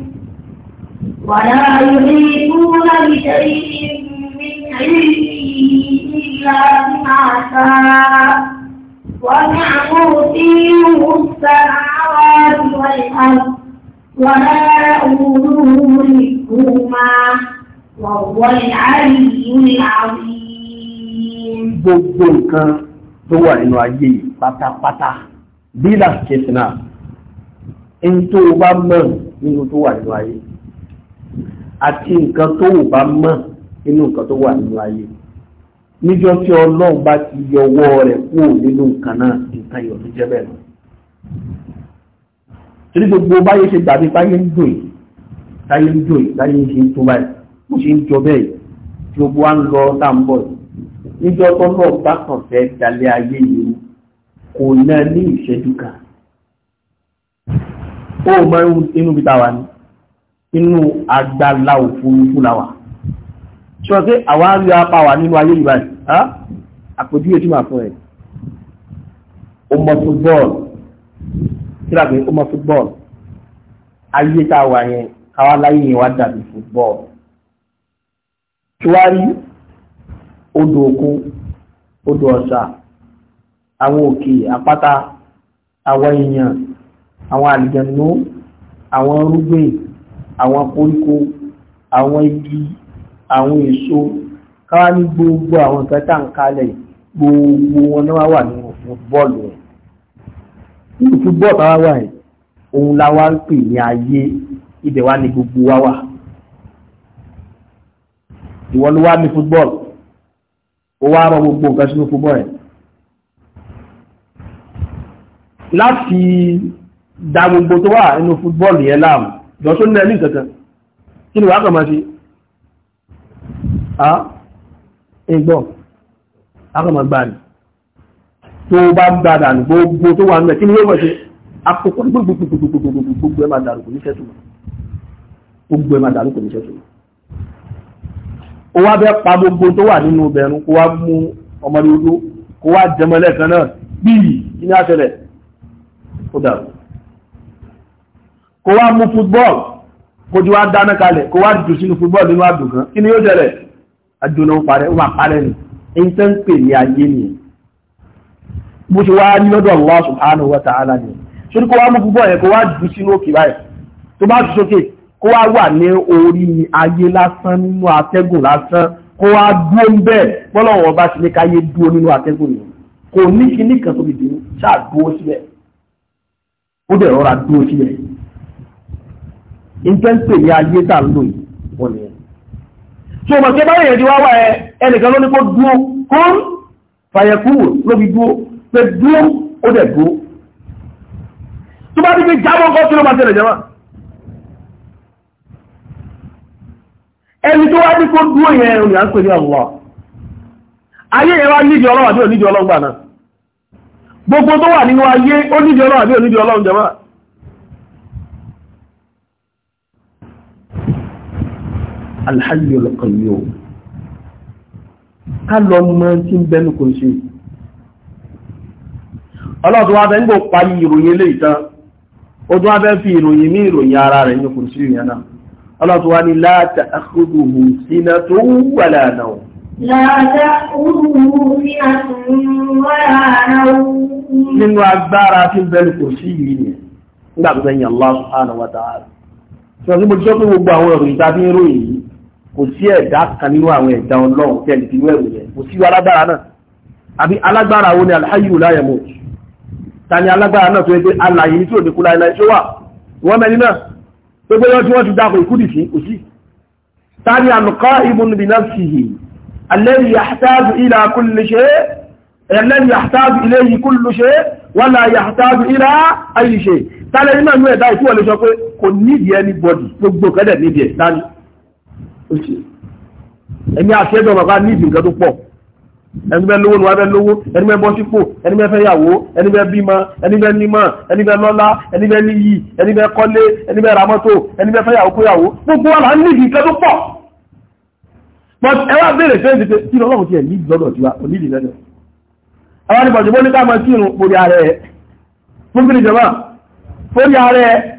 ولا يحيطون بشيء من علمه إلا بما شاء ونعم كرسيه السماوات والأرض ولا يؤوده ملكهما وهو العلي العظيم. tó wà nínú ayé yìí pátápátá bílà kẹsìnà ń tó o bá mọ̀ nínú tó wà nínú ayé àti nǹkan tó o bá mọ̀ nínú nǹkan tó wà nínú ayé níjọ́ tí ọlọ́run bá ti yọ ọwọ́ rẹ̀ kúrò nínú nǹkan náà nǹkan yọ̀ tó jẹ́ bẹ́ẹ̀ lọ. torí gbogbo báyé ṣe gbàgbé báyé ń dùn yìí ń dùn yìí ń ṣe ń tó báyìí bó ṣe ń jọ bẹ́ẹ̀ gbogbo wa ń lọ tá ń bọ̀ yìí níjọ́ tọ́lọ́ bá kàn fẹ́ dalẹ̀ ayé yìí kò ná ní ìṣẹ́jú kan ó mọ inú bí táwa ni inú agbára òfurufú la wà ṣé wọ́n pé àwa ń rí apá wa nínú ayé yìí báyìí àpèjúwe tí màá fún ẹ ó mọ fútbọ́ọ̀lù kíra pé ó mọ fútbọ́ọ̀lù ayé táwa yẹn káwa láyé yẹn wá dàbí fútbọ́ọ̀lù odò òkun odò ọ̀sà àwọn òkè àpáta àwọn èèyàn àwọn àlìjẹ̀nú àwọn rúgbìn àwọn koríko àwọn igi àwọn èso káwá ní gbogbo àwọn nǹkan tá à ń kalẹ̀ gbogbo wọn náà wà nínú bọ́ọ̀lù rẹ̀ nínú fúbọ́ọ̀ tá wá wà yìí òun la ń pè ní ayé ibẹ̀ wá ní gbogbo wa wà ìwọ ló wá ní fúbọ́ọ̀lù ó wá rọ gbogbo nǹkan sínú fúbọ́ ẹ̀ láti da gbogbo tó wà nínú fútbọ́ọ̀lù yẹn láàmù jọ́só ní ẹni kankan kí ni wàá kàn máa ṣe ẹgbọ́ akọ̀mọ̀ gbà ní tó bá gbàdà ní gbogbo tó wà nílẹ̀ kí ni yóò mọ̀ ṣe akókò gbogbo gbogbo gbogbo gbogbo ẹ̀ máa dàrú kò ní ṣẹ́tùmọ̀ gbogbo ẹ̀ máa dàrú kò ní ṣẹ́tùmọ̀ ó wá bẹ́ pa gbogbo tó wà nínú bẹ̀rún kó wá mú ọmọdé ojú kó wá jẹmọlẹ̀ kan náà bíi kí ní àṣẹlẹ̀ ó dàrú kó wá mú football kó ju wá dáná kalẹ̀ kó wá jù sínú football nínú àdùn kan kí ni yóò jẹlẹ̀ àjùnà ń parẹ́ ó máa parẹ́ ni ẹni ni bó ṣe wá ní lọ́dọ̀ Allah wa ta'ala ni ṣe kó wá football yẹn kó wá jù sínú òkè kó wá wà ní orí ayé lásán nínú atẹ́gùn lásán kó wá dúó ń bẹ́ẹ̀ bọ́lọ̀wọ̀ bá ṣe ní káyé dúó nínú atẹ́gùn yìí kò ní kí ní kan tó bìbí ṣáà dúó síbẹ̀ ó dẹ̀ rọra dúó síbẹ̀ ìjẹ́ǹpè ní ayé tà lò yìí wọ́n ni tí o mọ̀ tí ó bá rẹ̀ di wáwá ẹ ẹnìkan ló ní kó dúó kún fàyẹ̀kúrò ló fi dúó pé dúó ó dẹ̀ dúó tó bá ní pé jábọ́ kọ́ kí ló máa tẹ̀lẹ̀ jẹ́ máa ẹni tó wá ní kó dúró yẹn òyà ń pè ní Allah ayé yẹn wá nídìí ọlọ́run àbí gbogbo tó wà nínú ayé ó nídìí ọlọ́run àbí ọlọ́run jàmáà Al-Hayyul Qayyum ká lọ mọ tí ń bẹnu kò ṣe ọlọ́run wa bẹ́ẹ̀ ń gbò parí ìròyìn fi ìròyìn mí ìròyìn ara rẹ̀ ní kò ọlọ́tún wá ní láàtà àkúdùhù sínà tó wà lánà o. láàtà àkúdùhù sínà tó wà lánà o. nínú agbára tí bẹ́ẹ̀ kò sí yìí ni nígbà tó sẹ́yìn Allah subhanahu wa ta'ala. sọ sí mo jọ́ pé gbogbo àwọn ìròyìn tá a fi ń ròyìn yìí kò sí ẹ̀dá kan nínú àwọn ẹ̀dá ọlọ́run tẹ́lẹ̀ fi wẹ̀rù yẹn kò sí alágbára náà àbí alágbára wo ni alhayu láyẹ̀mọ̀ ta ni alágbára náà tó yẹ pé alàyè tí ò gbogbo lọ tí wọ́n ti dákò ìkúdì sí kò sí tani àmùkọ́ ibùn bí nafsihi alladhi yahtaju ila kulli shay alladhi yahtaju ilayhi kullu shay wala yahtaju ila ayyi shay tani nínú ẹ̀mí ẹ̀dá ìtúwọ̀ lè pé kò nídìí anybody gbogbo kẹ́dẹ̀ nídìí ẹ̀ ẹnibẹ́ lówó ni wà bẹ́ lówó ẹnibẹ́ bọ́ sípò ẹnibẹ́ fẹ́ yàwó ẹnibẹ́ bímọ ẹnibẹ́ nímọ̀ ẹnibẹ́ lọ́lá ẹnibẹ́ níyì ẹnibẹ́ kọ́lé ẹnibẹ́ ramọ́tò ẹnibẹ́ fẹ́ yàwó kó yàwó gbogbo wa là ń níbi ìkẹ́ tó pọ̀ but ẹ wá béèrè fẹ́ ti pé kí ni ọlọ́run ti ẹ̀ níbi lọ́dọ̀ tiwa ò níbi lọ́dọ̀ àwọn ìbọ̀dìbò ní ká máa kírun borí ara ẹ̀ fún kí ni jọba borí ara ẹ̀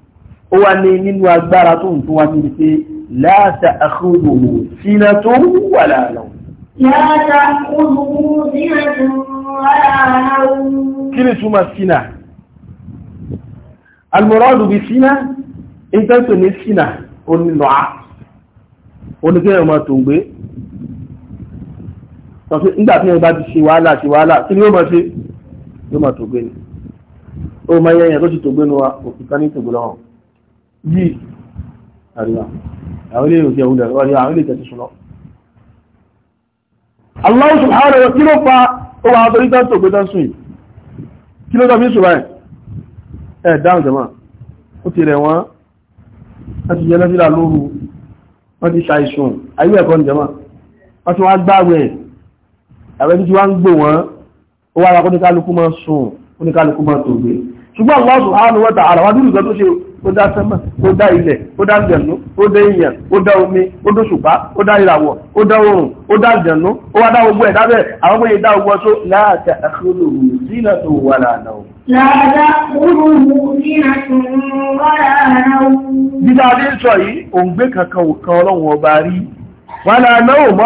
ó wá ní nínú agbára tó ń tún wá níbi pé láta àkúrò sínà tó ń wà láàlọ́. láta àkúrò sínà tó ń wà láàlọ́. kí ni sínà? onílọ́à oníkẹ́yọ̀ máa tó ń gbé sọ̀tún nígbà tí ti ṣe wàhálà ṣe wàhálà kí ni ó máa ṣe yóò máa tó gbé ni ó máa yẹ tó ti tó gbé nu wa òkúta ní tògbó lọ́wọ́ yìí àríwá àwọn ilé ìròkè òun dẹ̀rọ àríwá àwọn ilé ìtẹ̀tù ṣùlọ Allah subhanahu wa kí ló fa owó àwọn torí tán tó gbé tán sùn kí ló tọ́bí sùn báyìí ẹ̀ dáhùn jẹ́mà ó ti rẹ̀ wọ́n wọ́n ti jẹ́lẹ́ fílà lóru wọ́n ti ṣàìsùn ayé ẹ̀kọ́ ní jẹ́mà wọ́n ti wá máa tògbé ṣùgbọ́n Allah subhanahu wa ta'ala wá tó ṣe ó dá sánmà ó dá ilẹ̀ ó dá àlùjànnú ó dá èèyàn ó dá omi ó dá òṣùpá ó dá ìràwọ̀ ó dá oòrùn ó dá àlùjànnú ó wá dá gbogbo ẹ̀ dábẹ́ àwọn ọmọ yìí dá gbogbo ọṣọ láàtà àkúrò sínà tó wà lánà o. láàtà àkúrò sínà tó wà lánà o. dídá adé ń sọ yìí òǹgbẹ kankan ò ọlọ́run ọba rí wàhálà náà ò mọ́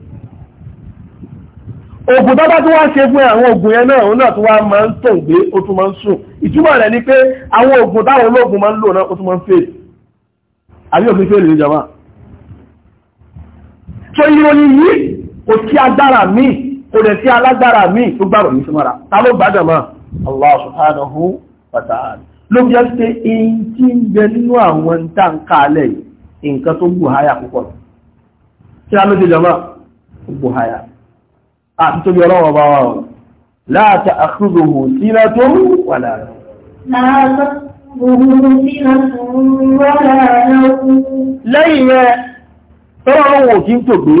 ògùn tó bá tún wá ṣe fún àwọn ògùn yẹn náà òun náà tún wá máa ń tàn gbé ó tún máa ń ìtumọ̀ rẹ̀ ni pé àwọn ògùn táwọn olóògùn máa ń lò náà ó tún máa ń fèèrè àbí òfin jama so ìròyìn yìí kò sí agbára mi kò dẹ̀ sí alágbára mi tó ta ló Allah subhanahu wa ta'ala ló fi tí ń bẹ nínú àwọn ń tà ń ká jama gbù àti tóbi ọlọ́wọ́ bá wà ó láàtà àkúròhù síra tó wà láàrín. lẹ́yìn rẹ̀ tọ́rọ ohun òkí ń tògbé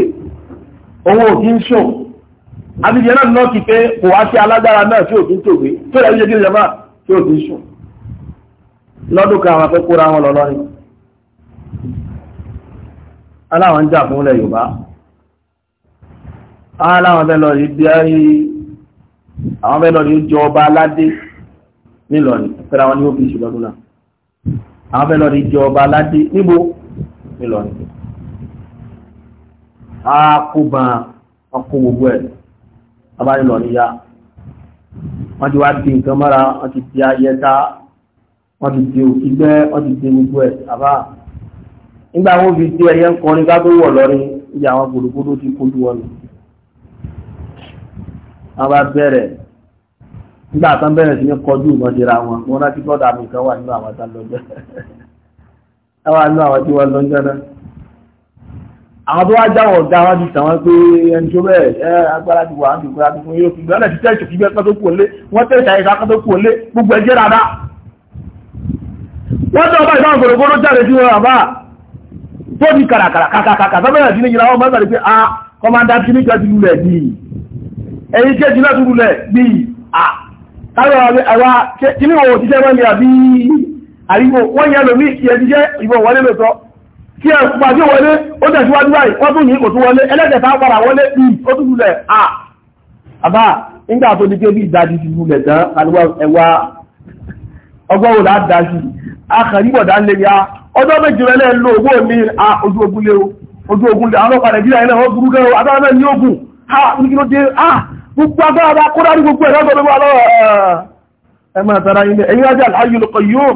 ohun òkí ń ṣò àbíjẹ náà náà kí pé kò wá sí alágbára náà tí òkí ń tògbé tó rẹ̀ yíjẹ́ gíríjẹ́ máa tí òkí ń ṣò lọ́dún kan àwọn afẹ́kúra wọn lọ lọ́rin aláwọn ń jà fún ilẹ̀ Yorùbá aláwọn ah, fẹ́ lọ rí bí i àwọn fẹ́ lọ rí jọ ọba aládé nílọrin fẹ́ra wọn ní ó fi ṣe lọ́dún náà àwọn fẹ́ lọ rí jọ ọba aládé níbo nílọrin a kó ban ọkọ̀ gbogbo ẹ̀ ọba nílọrin yá wọ́n ti wá di nǹkan mọ́ra wọ́n ti di ayẹta wọ́n ti di òkígbẹ́ wọ́n ti di gbogbo ẹ̀ àbá nígbà wọn fi di ẹyẹ ń ká tó wọ̀ lọ́rin ìyá àwọn gbòdògbòdò ti kó lù wọn nù wọ́n bá bẹ̀rẹ̀ nígbà tán bẹ̀rẹ̀ sí ní kọjú ìmọ̀díra wọn wọ́n rántí bọ́dà mi kan wà nínú àwọn tálọ́jẹ́ wà nínú àwọn tí wọ́n lọ́jọ́ náà àwọn tó wá jáwọ̀ ọ̀gá wọn ti tàwọn pé ẹni tó bẹ́ẹ̀ ẹ agbára ti wà á ti gbára tó fún yóò fi gbọ́dọ̀ ti tẹ́ẹ̀tì fi gbẹ́kan tó kù lé wọ́n tẹ́ẹ̀tì àyíká kan tó kù lé gbogbo ẹjẹ́ rárá wọ́n tẹ́ ọba ẹ̀yìn kéjì láti rúlẹ̀ bí à káàrọ̀ àwá kíní wọ̀ òjíṣẹ́ wọ́n ni àbí àríwò wọ́n yẹ ìbọn wọlé kí ẹ wọlé ó tẹ̀síwájú báyìí wọ́n ní kò tún wọlé wọlé bí ó tún rúlẹ̀ ti ya gbogbo agbára bá kó dárí gbogbo ẹ̀rọ gbogbo alọ́wọ́ ẹ̀mọ̀ àtàrà ilẹ̀ ẹ̀yìn ajá al-hayyul qayyum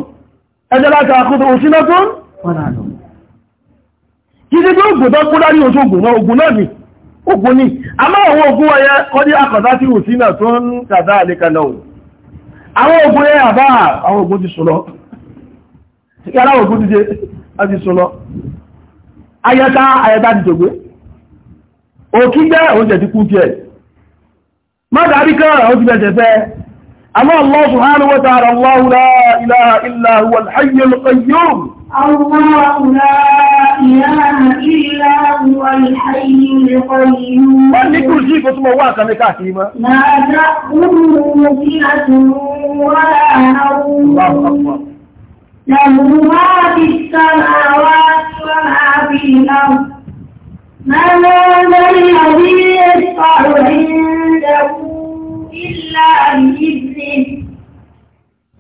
ẹjẹ́ láti àkóso òṣìná tó kí ní bí ogun tó oṣù ogun náà ogun ni ogun ni a máa àwọn ogun ẹyẹ kọ́dí àkọ̀dá sí òṣìná tó ń kàdá àlékà náà àwọn ogun yẹ àbá àwọn ogun ti sùlọ yàrá ogun ti jẹ láti sùlọ ayẹta ayẹta ti tògbé òkí jẹ́ oúnjẹ ti kú jẹ́ ما دعا بك عجب جفاه أما الله سبحانه وتعالى الله لا إله إلا هو الحي القيوم الله لا إله إلا هو الحي القيوم من يكرسيك اسمه واقع مكاتيما لا تأخذه سنة ولا نوم له ما في السماوات وما في الأرض ما هذا الذي يشفع عنده إلا بإذنه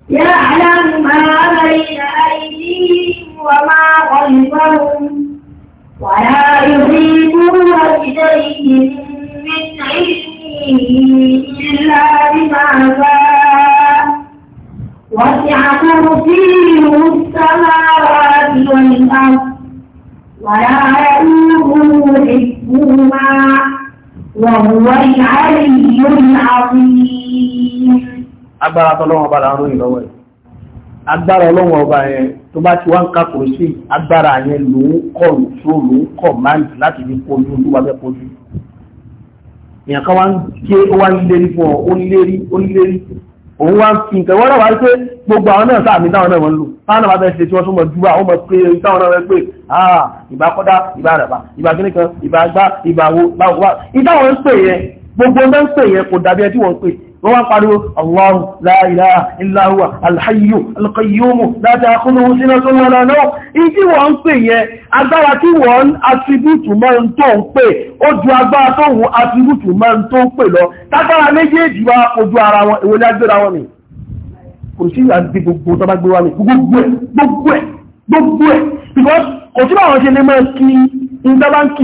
يعلم ما بين أيديهم وما خلفهم ولا يحيطون بشيء من علمه إلا بما شاء وسع كرسيه السماوات والأرض ولا يؤوده حفظهما وهو العلي العظيم agbára tọ́lọ́wọ́ ọba láàrùn ìlọ́wọ́ ẹ̀ agbára ọlọ́wọ́ ọba yẹn tó bá ti wá ń kàkùrù sí agbára yẹn ló ń kọ̀ lóṣó ló ń kọ̀ máàlì láti fi kojú tó bá fẹ́ kojú èèyàn kan wá ń gé ó wá ń lérí fún ọ ó lérí ó lérí òun wá ń fi nǹkan wọ́n rọ̀wá pé gbogbo àwọn náà sáàmì táwọn náà wọ́n lò táwọn náà bá fẹ́ ṣe tí wọ́n súnmọ̀ dúró àwọn ọmọ pé táwọn náà rẹ̀ pé àà ìbá kọ́dá ìbá rẹ̀bà ìbá kíní kan ìbá gbá ìbá wo báwo wá ìtàwọn ń pè yẹn gbogbo ń pè yẹn kò dàbí ẹ tí wọ́n ń pè wọ́n wá pariwo Allahu la ilaha illa huwa alhayyu alqayyum la ta'khudhuhu sinatun wala nawm ìdí wọ́n ń pè yẹn agbára tí wọ́n attribute máa ń tó ń pè ó ju agbára tó wù attribute máa ń tó ń pè lọ tágbára méjèèjì wá ojú ara wọn èwo agbára wọn ni kò sí àgbè gbogbo because kò sí báwọn ṣe lè máa kí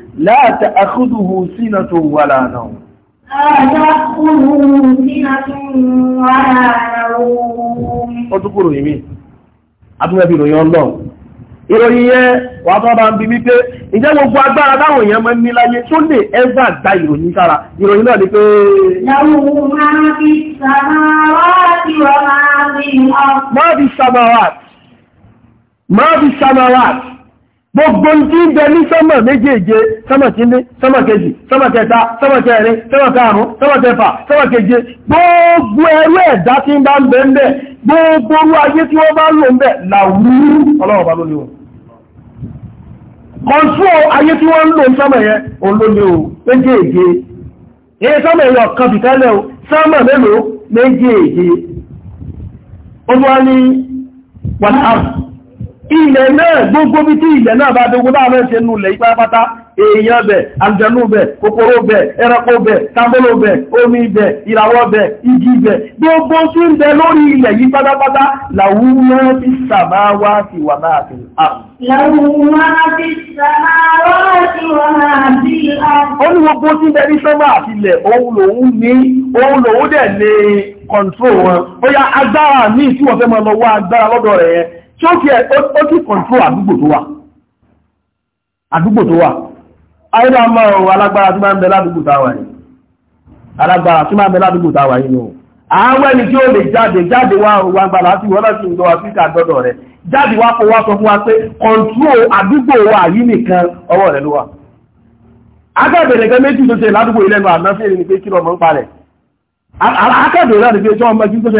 لا تأخذه سنة ولا نوم Ọdúnkúrò ìmí, àtúnwẹ́bí ìròyìn ọlọ́run. Ìròyìn yẹn wà tó bá ń bí wípé, ìjẹ́ gbogbo agbára táwọn èèyàn mọ́ ní láyé tó lè ẹ́gbà gba ìròyìn sára. Ìròyìn náà ni pé, Máa máa bí samarat, gbogbo tí ń ní sọ́mọ̀ méjèèje sọ́mọ̀ kíní sọ́mọ̀ kejì sọ́mọ̀ kẹta sọ́mọ̀ kẹrin sọ́mọ̀ karùn sọ́mọ̀ kẹfà sọ́mọ̀ keje gbogbo ẹrú ẹ̀dá tí ń bá ń bẹ ń gbogbo orú ayé tí wọ́n bá lò ń làwúrú ilẹ̀ náà gbogbo bí tí ilẹ̀ náà bá dogun láàmẹ́ ṣe nù lẹ̀ ipápátá èèyàn bẹ̀ àjẹnú bẹ̀ kòkòrò bẹ̀ ẹranko bẹ̀ tambolo bẹ̀ omi bẹ̀ ìràwọ̀ bẹ̀ igi bẹ̀ gbogbo tí ń bẹ lórí ilẹ̀ yìí pátápátá làwú máa fi sàmá wá sí wà máa fi àrùn. Làwú máa fi sàmá wá sí wà máa fi àrùn. Ó ní gbogbo tí ń bẹ ní sọ́mà àtìlẹ̀ òun lòun ní òun lòun dẹ̀ lè kọ̀ǹtró wọn. Bóyá agbára míì tí wọ́n fẹ́ máa lọ wá agbára lọ́dọ̀ rẹ̀ yẹn tí ó ti kọ̀ntró àdúgbò tó wà àdúgbò tó wà ayébá mọ́ alágbára tí máa ń bẹ ládùúgbò táwà yìí alágbára tí máa ń bẹ ládùúgbò táwà yìí nù àwọn ẹni tí ó lè jáde jáde wá wà gbàlá sí wọ́n láti gbọ́dọ̀ rẹ̀ jáde wá fọwọ́ sọ fún wa pé àdúgbò wa yìí nìkan ọwọ́ rẹ̀ ló wà méjì tó ṣe ilẹ̀ nù àná ni pé kí ń ni pé tí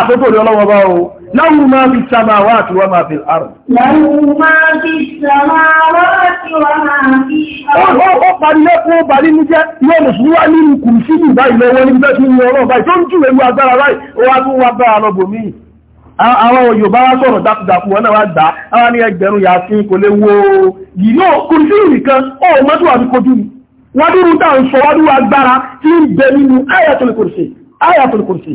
àfẹ́kò ní ọlọ́wọ́ bá o láwùrù máa fi sàmà wá àti wọ́n máa fi àrùn. láwùrù máa fi sàmà wá àti wọ́n máa fi àrùn. ó parí lẹ́kùn ó parí ní jẹ́ yóò mùsùlùmí wá nínú kùrù sí ní ìbáyìí lọ́wọ́ níbi bẹ́ẹ̀ tí ń lọ́rọ̀ báyìí tó ń jù ewu agbára láì ó wá tún wá bá a lọ́bọ̀ àwọn Yorùbá wá sọ̀rọ̀ dákùdàkù wọn náà wá gbà á ní ẹgbẹ̀rún yàtí kò lè wo yìí náà sí nìkan ó mọ́tò àbí kojú ni wádúrú táà ń sọ wádúrú agbára tí ń bẹ nínú Ayatul Kursi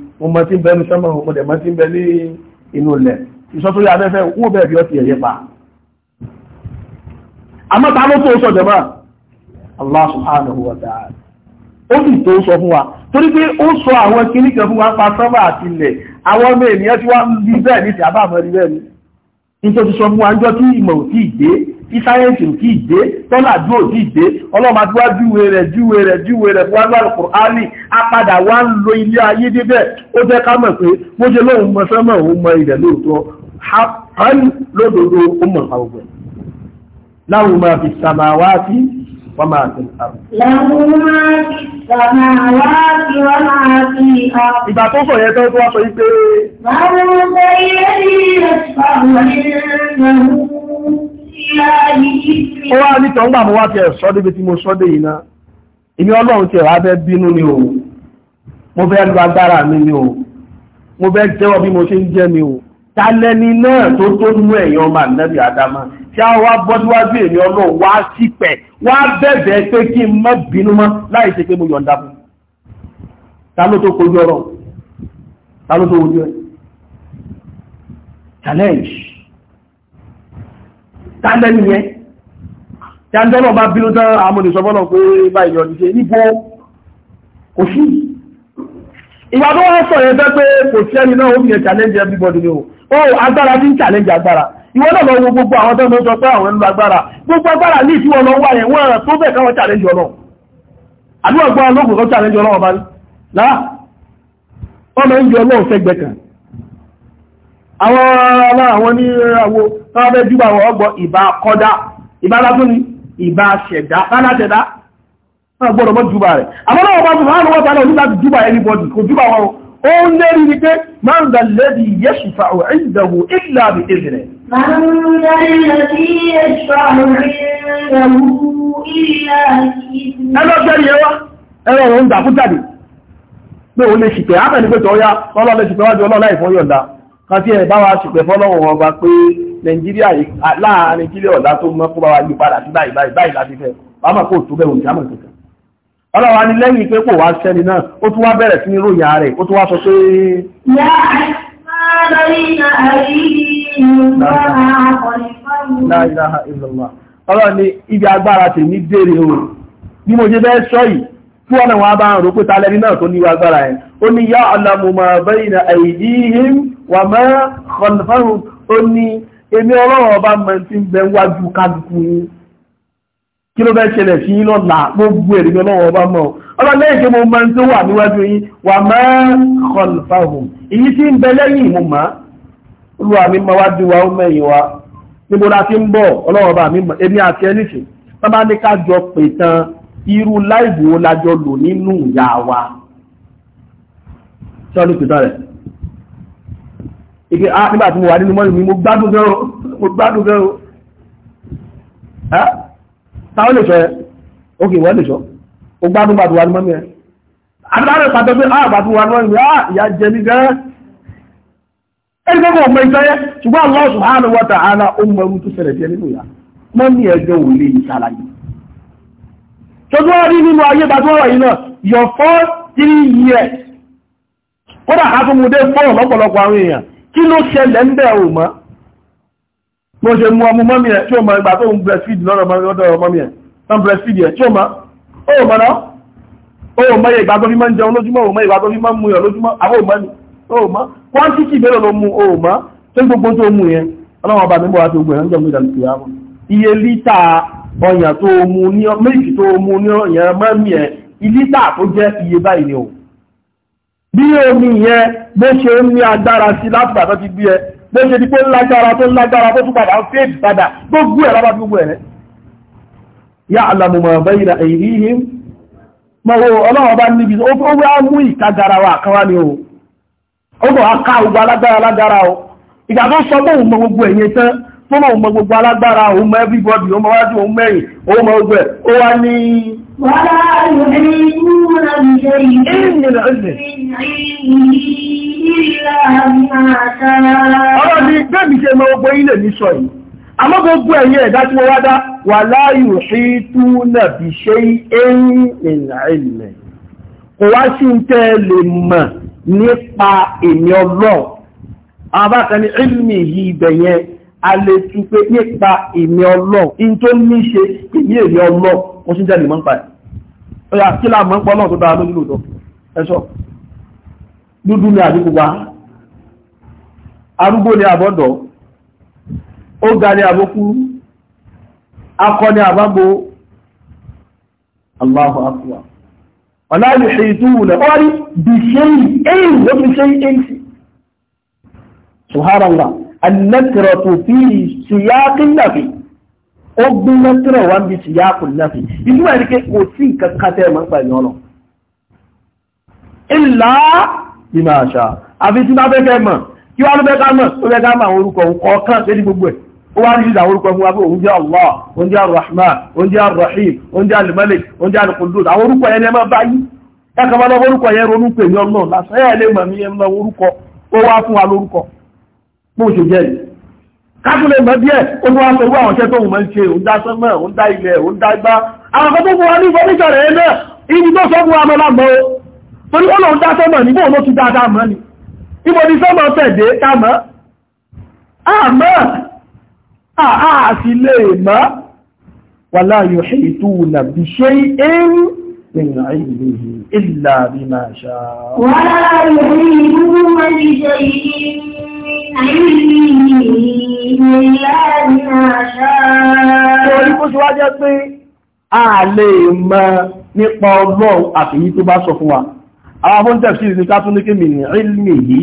mo mọ tí ń bẹ ní sọ́mọ̀ mo dẹ̀ mọ tí ń bẹ ní inú ilẹ̀ ìsọ́tún yà afẹ́fẹ́ wọ́n bẹ̀rẹ̀ bí ó ti ẹ̀yẹ pa àmọ́ ta ló tó sọ jẹ̀mọ́ Allah subhanahu wa ta'ala ó sì tó sọ fún wa torí pé ó sọ àwọn kinní kan fún wa pa sọ́mà àti ilẹ̀ àwọn ọmọ ènìyàn tí wọ́n ń bí bẹ́ẹ̀ ní ti àbámọ́ rí bẹ́ẹ̀ tí sáyẹ́ǹsì ò tí ì dé tọ́là dúró ò tí ì dé ọlọ́run àti wá júwe rẹ̀ júwe rẹ̀ júwe rẹ̀ wá lọ́rù kùránì apadà wá ń lo ilé ayé débẹ̀ ó jẹ́ ká mọ̀ pé bó ṣe lóun mọ sẹ́mọ̀ òun mọ ilẹ̀ lóòótọ́ hàn lódodo ó mọ̀ nǹkan gbogbo láwọn máa fi sàmà wá sí wọ́n máa fi àrùn. láwọn máa fi sàmà wá sí wọ́n máa fi àrùn. ìgbà tó sọ yẹn tó tó wá sọ yìí pé. láwọn ọmọ ilé yìí ó wá ní tọ́ngbà mo wá ti ẹ̀sọ́ débi tí mo sọ́dé iná ìní ọlọ́run ti ẹ̀wà fẹ́ bínú ni o mo fẹ́ lu agbára mi ni o mo fẹ́ jẹ́wọ́ bí mo ṣe ń jẹ́ ni o tálẹ́ni náà tó tó mú ẹ̀yàn ọmọ ànẹ́bì adama tí a wá bọ́dúwájú èmi ọlọ́run wá sípẹ̀ wá bẹ̀bẹ̀ pé kí n má bínú mọ́ láì ṣe pé mo yọ̀ǹda fún ta ló tó kojú ọ̀rọ̀ ta ló tó challenge dáńdẹ́ nìyẹn dáńdẹ́ náà bá bínú tán amúnisọ́bọ́nà pé báyìí ọdún ṣe níbo kò sí ìwà tó wọ́n sọ yẹn pé kò sí ẹni náà challenge everybody ni o O agbára ti ń challenge agbára ìwọ gbogbo àwọn tó ń sọ pé àwọn gbogbo agbára challenge àwọn ọlá àwọn ní àwọ tọ́wọ́bẹ́ jùbà wọ́n ọgbọ̀ ìbá kọ́dá ìbá látún ní ìbá ṣẹ̀dá lálátẹ̀dá gbọ́dọ̀ mọ́ jùbà rẹ̀ àwọn ọmọ ọba ṣùgbọ́n àwọn ọba nígbà jùbà anybody kò jùbà wọn ó ń lérí ni pé máa ń gbà lẹ́bi yẹ́ṣùfà ìdàwó ìlà bí ìzìnẹ̀ ẹlọ́gbẹ̀rẹ̀ yẹn wá ẹ̀rọ òun dàkú jáde pé òun lè ṣìpẹ̀ kan tí ẹ̀ bá wa ṣùpẹ̀ fọ́lọ́wọ́ wọn bá pé nàìjíríà láàárín kílẹ̀ ọ̀dá tó mọ́ kó bá wa yí padà sí báyìí báyìí láti fẹ́ wàá kó tó bẹ̀rù ìjámọ̀ kankan ọlọ́wà ni lẹ́yìn pé kò wá sẹ́ni náà ó tún wá bẹ̀rẹ̀ sí ní ròyìn ààrẹ ó tún wá sọ pé ọlọ́wà mo jẹ́ bẹ́ẹ̀ sọ yìí tí wọ́n náà wọ́n bá ń rò pé talẹ́ni náà tó ní agbára ẹ̀ ó ní yá alamuma bẹ́yìn àìdíhìn wà mọ́ kọ̀lùfẹ́hùn ó ní èmi ọlọ́run ọba mọ̀ tí ń bẹ wájú kálukú yín kí ló bẹ́ ṣẹlẹ̀ sí yín lọ́la gbogbo mo mọ̀ tó wà níwájú yín wà mọ́ kọ̀lùfẹ́hùn èyí tí ń bẹ wa ó mẹ́yìn wa níbo la ti ń bọ̀ ọlọ́run ọba mi mọ̀ èmi àti ẹnìṣẹ́ tó bá ní ká jọ pè irú láìbò lájọ lò nínú ìyá wa. sọ́ọ́ ló rẹ̀. ìpé á ah, nígbà tí mo wà nínú mọ́lù mi mo gbádùn gẹ́rọ mo gbádùn gẹ́rọ táwọn lè sọ ẹ ok wọ́n lè sọ o gbádùn bàtù wà ní mọ́mí ẹ àbúrò pàtó pé ah, wà ìyá ní gẹ́rẹ́ ọmọ ṣùgbọ́n ó mọ ohun tó ṣẹlẹ̀ nínú ìyá lè rí nínú ayé yìí náà kí ló ṣẹlẹ̀ ń bẹ̀ ò mọ́ mo ṣe mú ọmọ mọ́mí ẹ̀ tí ó mọ ìgbà tó ń breastfeed lọ́dọ̀ mọ́mí ẹ̀ tán breastfeed ẹ̀ tí ó mọ́ ó mọ́ náà ó mọ́ ìgbà tó fi máa ń jẹun lójúmọ́ ó mọ́ ìgbà tó fi máa ń mu yàn lójúmọ́ àbó mọ́ ni ó mọ́ quantity mélòó ló mu ó mọ́ tó gbogbo tó mu yẹn ọlọ́run ọba mi bọ̀ láti ogun ẹ̀ ń jẹun nígbà tó yà wọ́n iye lítà ọyàn tó mu ní méjì bí omi yẹn bó ṣe ń ní agbára sí látìgbà tó ti gbé ẹ bó ṣe di pé lágbára tó lágbára tó tún padà ń fèèdì padà gbogbo ẹ̀ lábá gbogbo ẹ̀ ya'lamu ma bayna ọlọ́wọ́ bá níbi ó wa àkọwà ni o ó bọ̀ wá ká o ìgbà tó sọ bóun mọ gbogbo ẹ̀yẹ gbogbo alágbára òun mọ everybody òun mọ wájú òun mẹ́rin òun mọ gbogbo ẹ̀ ولا يحيطون بشيء من علمه إلا بما شاء ọ̀rọ̀ ni bẹ́ẹ̀bì ṣe mọ ogbó ilẹ̀ ní sọ yìí àmọ́ gbogbo ẹ̀yẹ ẹ̀dá tí wọ́n wá dá wà láàyò sí túnà bí ṣe ẹ̀yìn ìlà ilẹ̀ kò wá sí ń tẹ́ lè mọ̀ nípa èmi ọlọ́ àbákan ní ilmi yìí bẹ̀yẹn a lè tu pé nípa ìmì ọlọ́ in tó ní ṣe ìmì èmì ọlọ́ mo sí jẹ́lì mọ́pa ẹ̀ ọ̀yà kí láà mọ́ tó dára lójú lòtọ́ ẹ̀ṣọ́ dúdú ni àbí pupa arúgbó ni àbọ́dọ̀ ó ga ni àbókú akọ ni àbábo Allahu akbar ọ̀lá ìtúwùlẹ̀ ọ̀rí annakiratu fi siyaqin nafi ó gbé nakira wa bi siyaqin nafi inú ẹ̀ ríkẹ́ kò sí nǹkan kátẹ́ mọ́ pẹ̀lú ọ̀nà ìlà ìmọ̀ àṣà àfi tí bá fẹ́ kẹ́ mọ̀ kí wá ló fẹ́ ká mọ̀ tó fẹ́ ká mọ̀ àwọn orúkọ ọ̀kan tó ní gbogbo ẹ̀ ó wá nílùú àwọn orúkọ fún wa pé oúnjẹ Allah oúnjẹ bó ṣe jẹ́ ni kákúlẹ̀ mọ́ díẹ̀ olúwa sọ wú àwọn iṣẹ́ tó wùmọ́ ń ṣe òun dá sánmọ̀ òun dá ilẹ̀ òun dá igbá àwọn tó fún wa ní ìfọ́níṣọ̀ rẹ̀ náà ibi tó sọ fún torí ó lòun dá sánmọ̀ ní bóun ti dáadáa mọ́ ni ibo ni sánmọ̀ tẹ̀dé kámọ́ àmọ́ àti lè mọ́ wà láàyò ṣètò nàbí ṣe ń Torí kó ṣíwá jẹ́ pé a lè mọ̀ nípa ọlọ́run àti yí tó bá sọ fún wa. Àwọn afọ́ntẹ̀ sí ìsinká tún ní kí mi ní ilmi yìí,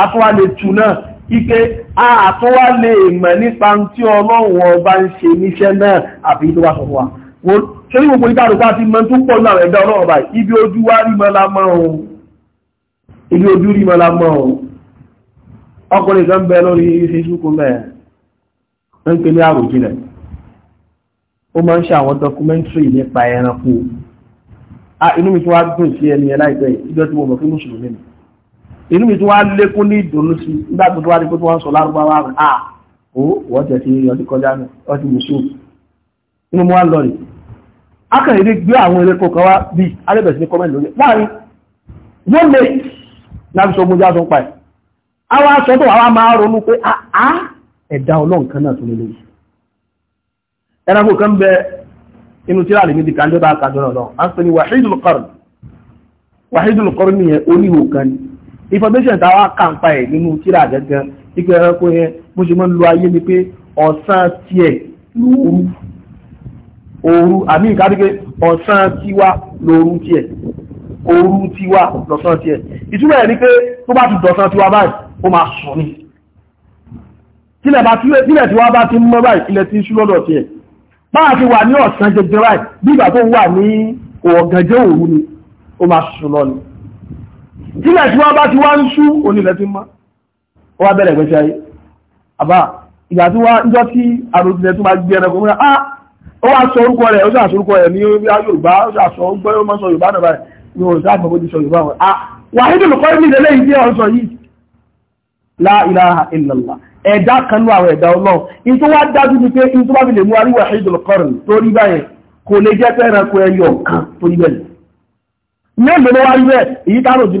a tún wá lè tún náà ike àtúnwà lè mọ̀ nípa tí ọlọ́run ọba ń ṣe níṣẹ́ náà àfi tó wá sọ fún wa ṣe ní gbogbo ìdárùpá ti mọ́ tó pọ̀ náà ẹ̀dá ọlọ́run ọba ibi ojú wá rí mọ́ lámọ́ ohun ọkùnrin kan bẹ lórí Facebook mẹ́ẹ̀ ń pè ní àròjinlẹ̀ ó máa ń ṣe àwọn documentary nípa ẹranko inú mi tí wàá dùn sí ẹni yẹn láìpẹ́ ìjọ tí mo mọ̀ fún mùsùlùmí mi inú mi tí wàá lékún ní ìdùnnú sí nígbà tó tó wá di pé tí wọ́n sọ lárúbáwá rẹ̀ à ó wọ́n jẹ́ ti ọtí kọjá mi ọtí mùsùlùmí inú mo wá lọ rè akẹ́yẹ̀dẹ́ gbé àwọn eré kọ̀ọ̀kan wá bí alẹ́bẹ̀sí ní kọ́mẹ́ntì lórí láàrin yóò lè láti sọ mo já sọ ń pa ẹ̀ àwọn aṣọ tó wà máa ronú pé àá ah, ah, ẹ̀dá ọlọ́run kan náà tó lè lóyìí ẹranko kan bẹ inú tíra lè níbi kan lọ́dá àkàjọ náà lọ a ń pè ní wàhídùl qarn wàhídùl qarn ní yẹn oníwò kan ní ẹ̀ nínú tíra gẹ́gẹ́ ikú ẹranko yẹn bó ṣe máa ń lo ayé ni pé ọ̀sán tiẹ̀ lóoru àmì ọ̀sán òru tiwa lọ́sán tiẹ̀ ìtumọ̀ ẹ̀ ní pé tó bá ti dọ̀sán tiwa báyìí ó máa sùn ní tílẹ̀ tiwa bá ti mọ́ báyìí ilẹ̀ ti ṣú lọ́dọ̀ tiẹ̀ báyà ti wà ní ọ̀sán jẹjẹ báyìí bí ìgbà tó wà ní ọ̀gànjẹ́ ni ó máa sùn lọ ni tílẹ̀ tiwa bá ti wá ń ṣú onílẹ̀ ti mọ́ ó wá bẹ̀rẹ̀ gbẹ́sẹ̀ ayé àbá ìgbà tí wá ń jọ tí àròtilẹ̀ tó máa gbé ẹranko mẹ́ra ah, ó wá sọ orúkọ rẹ̀ n'o òṣà àgbàgbọ́ ti sọ yorùbá wọn ah, wà ní olùkọ́ ní ilẹ̀ la ilaha ẹ̀dá kan ní àwọn ẹ̀dá ọlọ́run in tó wá dájú ní pé in tó bá fi lè mú aríwá ìdòlùkọ́rin tó rí báyẹn kò lè jẹ́ pé ẹyọ kan tó rí bẹ́ẹ̀ mẹ́lẹ̀ ló wá rí bẹ́ẹ̀ èyí tá ròjì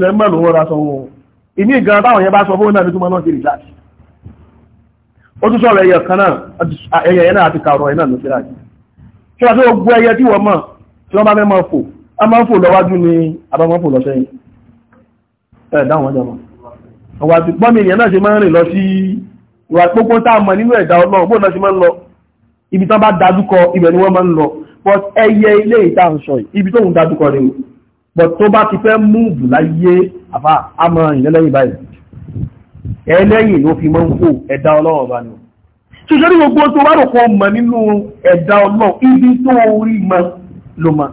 lẹ́ a máa ń fò lọ́wájú ni a bá máa ń fò lọ sẹ́yìn ẹ̀ dáhùn wọ́n jọmọ́ àwọn àti pọ́mì ènìyàn náà ṣe máa ń rìn lọ sí ìwà pópó tá nínú ẹ̀dá ọlọ́run bóun ṣe máa ń lọ ibi but ẹyẹ ilé ìta ń sọ ibi tóun dájúkọ but tó bá ti fẹ́ múùbù láyé àfa a máa rìn lẹ́yìn báyìí ẹlẹ́yìn ló fi máa ń fò ẹ̀dá ọlọ́run ọba ni ṣùgbọ́n ní gbogbo tó bá rò kọ́ mọ̀ nínú ẹ̀dá ọlọ́run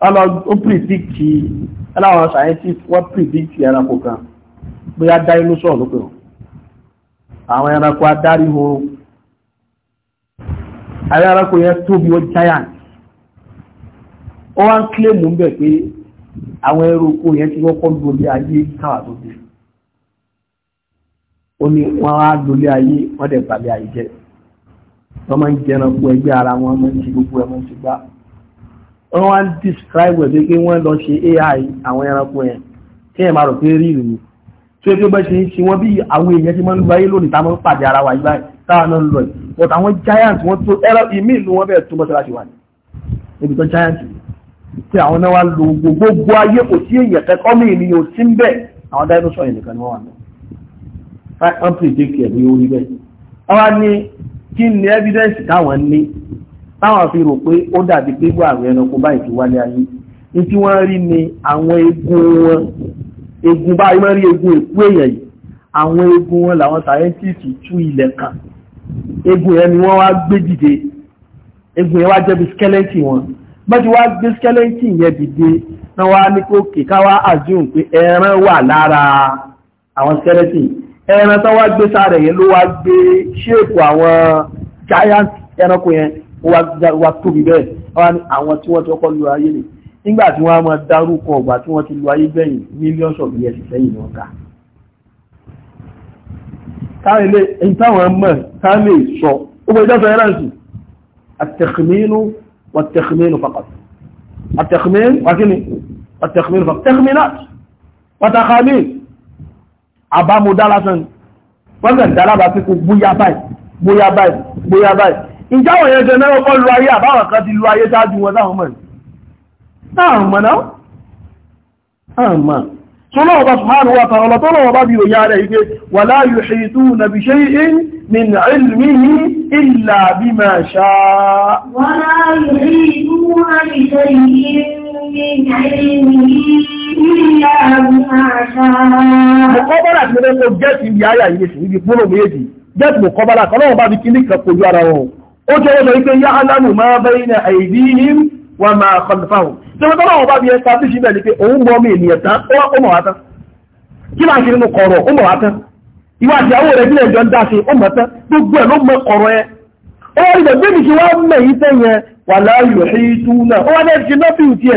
ó pìrìdíkì aláwọn scientist wọ́n pìrìdíkì ẹranko kan bóyá dinosaur onye pè wọ́n àwọn ẹranko adárího àwọn ẹranko yẹn tóbi ó giant ó wá ń bẹ̀ pé àwọn ẹranko yẹn ti wọ́pọ̀ lórí ayé káwà tó dé ó ní wọ́n lórí ayé wọ́n dẹ̀ wọ́n máa ń ẹgbẹ́ ara wọn máa ń gbogbo ẹ̀ máa ń ti wọ́n wá ń describe ẹ̀ pé wọ́n lọ ṣe AI àwọn ẹranko yẹn kí ẹ̀ máa rò pé rí ìrìn tí ó pé bọ́ ṣe ń ṣe wọ́n bí àwọn èèyàn ti máa ń lo ayé lónìí tá pàdé ara wa yìí báyìí náà ń lọ yìí but àwọn giant wọ́n tó ẹ̀rọ ìmí ìlú wọn bẹ̀rẹ̀ tó bọ́ sọ́ra ṣe wà ní ibi tó giant tí àwọn náà wá lo gbogbo ayé kò sí èèyàn kẹ́kọ́ mi ni ò sí ń bẹ̀ àwọn dinosaur yẹn nìkan ni wọ́n wà ní. wọ́n pè é dé kí evidence táwọn ní táwọn fi rò pé ó dàbí pé bó àwọn ẹranko báyìí ti wálé ayé ní tí wọ́n rí ni àwọn egun wọn egun báyìí wọ́n rí egun èkú èèyàn yìí àwọn egun wọn làwọn sáyẹ́ntìsì tú ilẹ̀ kan egun yẹn ni wọ́n wá gbé dìde egun yẹn wá jẹ́ bí skeleton wọn bọ́jú wá gbé skeleton yẹn dìde náà wá ní pé òkè ká wá assume pé ẹran wà lára àwọn skeleton ẹran tó wá gbé sára yẹn ló wá gbé ṣéèpù àwọn giant ẹranko yẹn wá tóbi bẹ́ẹ̀ wá ní àwọn tí wọ́n ti kọ́kọ́ lu ayé ni nígbà wọ́n á máa dárúkọ ọ̀gbà tí wọ́n ti lu ayé gbẹ̀yìn millions of years sẹ́yìn ni wọ́n kà táwọn ilé èyí táwọn mọ̀ táwọn lè sọ ó gbé ìjọsọ yẹn náà sí àtẹ̀kùnmínú wàtẹ̀kùnmínú faqat àtẹ̀kùnmínú wàkíní àtẹ̀kùnmínú faqat tẹ̀kùnmínát wàtàkàmí àbámu bóyá báyìí bóyá báyìí bóyá báyìí ìjáwọ̀ yẹn jẹ mẹ́rọ kọ́ lu ayé àbáwọ̀ kan ti lu ayé ṣáájú wọn táwọn mọ̀ ní àmà náà àmà tó lọ́wọ́ bá subhanahu wa ta'ala tó lọ́wọ́ bá bí o yára ike wala yuhituna bi shay'in min ilmihi illa bima sha'a wala yuhituna bi bí kíní kan ó jẹ́ ọ̀nà ipé yá aláàmù máa bẹ́ iná àìdíhìm wà máa kọlùfáhùn tí wọ́n tọ́lọ́wọ́ bá bí ẹ sáfí sí bẹ̀rẹ̀ pé òun mọ́ mi ènìyàn tán ó mọ̀ wá tán kí máa ṣe nínú kọ̀rọ̀ ó mọ̀ wá tán ìwà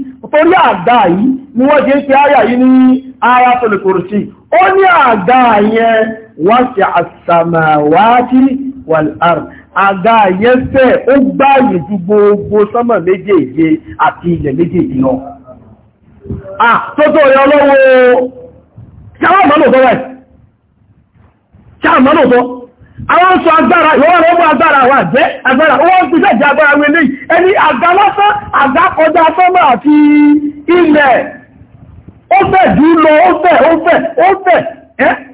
torí àgbà yìí ni wọ́n ṣe ń pe àyà yìí ní Ayatul Kursi ó ní àgbà yẹn wasi'a as-samawati wal-ard àgbà yẹn fẹ́ ó gbáyè ju gbogbo sánmà méjèèje àti ilẹ̀ méjèèje lọ àtótó ọ̀yọ́ lọ́wọ́ ṣáwà mọ́lòtọ́ àwọn sọ agbára ìwọ́n rẹ̀ mú agbára wà jẹ́ agbára wọ́n ti jẹ́ agbára wọlé ẹni àga lọ́sán àga kọjá ofe àti ilẹ̀ ó fẹ́ jù lọ ó fẹ́ ó fẹ́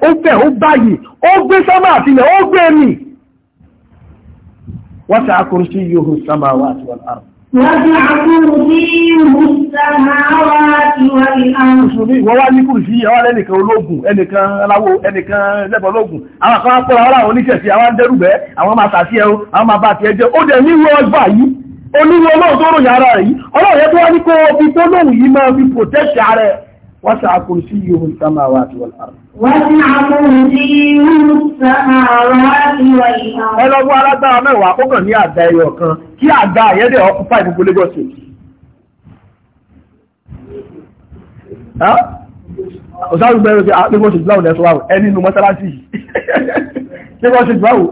ó fẹ́ ó mi wọ́n ti sí àwọn Wọ́n wá ní kùrùsí àwọn ẹnìkan ológun, ẹnìkan aláwọ̀, ẹnìkan lẹ́bọ̀ ológun. Àwọn àkọ́ àpọ́lá wọ́n láwọn oníṣẹ̀sí àwọn dẹ́rùbẹ́, àwọn máa tàṣí ẹ àwọn máa bá ti ẹjẹ́. Ó dẹ̀ ní rọ́ọ̀gbà yìí, oníwọ́ ọlọ́run tó ròyìn ara yìí, ọlọ́run Ẹlọ́gbọ́ alágbára mẹ́wàá ó kàn ní àgbà ẹyọ kan kí àgbà àyẹ́dẹ̀ ọkùn fà ìgbogbo Lagos State. Ọ̀sáàrùn bẹ̀rẹ̀ sí Lagos State láwọn ẹ̀ṣọ́ àwọn ẹni inú mọ́sálásí yìí. Lagos State báwò,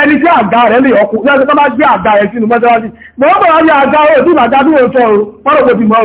ẹni tí àgbà rẹ̀ lè ọkùn, ní ọjọ́ tó bá gbé àgbà rẹ̀ sínú mọ́sálásí. Mọ́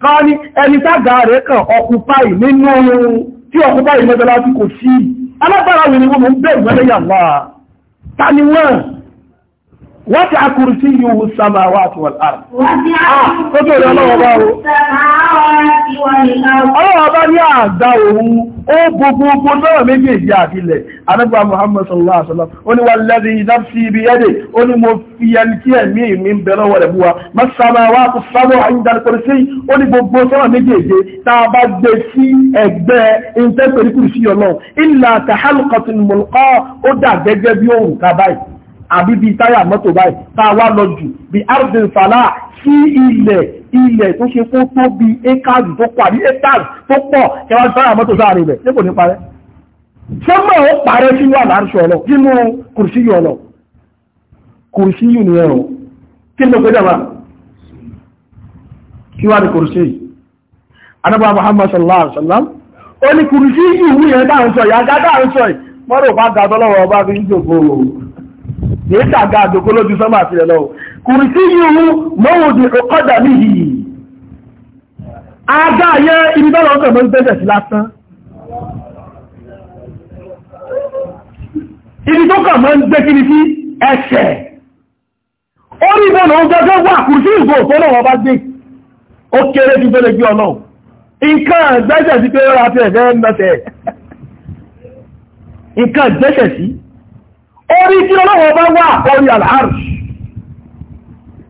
káwọn ní ẹni tágà rẹ̀ kàn ọkùnfàì nínú ohun tí ọkùnfàì mẹ́tọ́lá ti kò sí alágbára wìnrin wọn mọ̀ ń bẹ̀rù mẹ́lẹ́yà wà ta ni wọ́n wọ́n ti akuru sí yòówù sábà wà tó wà lára. ó tó yọ ọlọ́wọ́ bá wo. ọlọ́wọ́ bá ní àgbà òun ó gbogbogbò náà méjèèjì àfilẹ̀ anábà Muhammad sallallahu alaihi wasallam ó ní wà lẹ́dí nafsi ibi yẹ́dẹ̀ ó ní mo fi ẹni tí ẹ̀mí mi ń bẹ lọ́wọ́ rẹ̀ wa má sábà wà tó sábà àyíndàlẹ̀ pẹ̀lú ó ní gbogbo sọ́nà méjèèjì tá a bá gbé sí ẹgbẹ́ ìtẹ́pẹ̀lú kùrù sí ọlọ́run ìlà tàhálùkọ̀tún mọ̀lùkọ́ ó dà gẹ́gẹ́ bí òun ká àbí bíi táyà mọ́tò báyìí tá a wá lọ jù bíi arden salah sí ilẹ̀ ilẹ̀ tó ṣe kó tó bíi ékàdì tó pọ̀ àbí ékàdì tó pọ̀ kẹwàá táyà mọ́tò sáàrin rẹ̀ ṣé kò ní parẹ́ sọ́mọ̀ ó parẹ́ sínú àlàáṣọ ọlọ nínú kùrùsíyù ọlọ kùrùsíyù ni ẹ̀rọ kí ni mo pè dábàá kí wá ní kùrùsíyù anábàá Muhammad sallallahu alaihi wa sallam ó ní kùrùsíyù wúyẹn dáhùn sọ yàgá dáhùn sọ yìí mọ́rọ̀ bá dáadọ́lọ́wọ́ ọba fi kìí tàga àjòkó lójú sọ́mà àti ẹ̀lọ́ kùrì sí yíò mọ́wòdì ọkọ́dà níhì àga ayé ibi tọ́lọ ọkọ̀ mọ́ ìgbẹ́jẹ̀ sí lásán ibi tó kọ̀ mọ́ ìgbẹ́ kiri sí ẹ̀ṣẹ̀ orí ìbọn òun gẹ́gẹ́ wà kùrì sí ìgbò tó lọ́wọ́ bá gbé ó kéré ju tó lè gbé ọlọ́ nǹkan ìgbẹ́jẹ̀ sí pé ó ra ti ẹ̀fẹ́ mẹ́tẹ̀ẹ̀ nǹkan ìgbẹ́jẹ̀ sí orí tí ọlọ́wọ́ bá wà orí al'arsh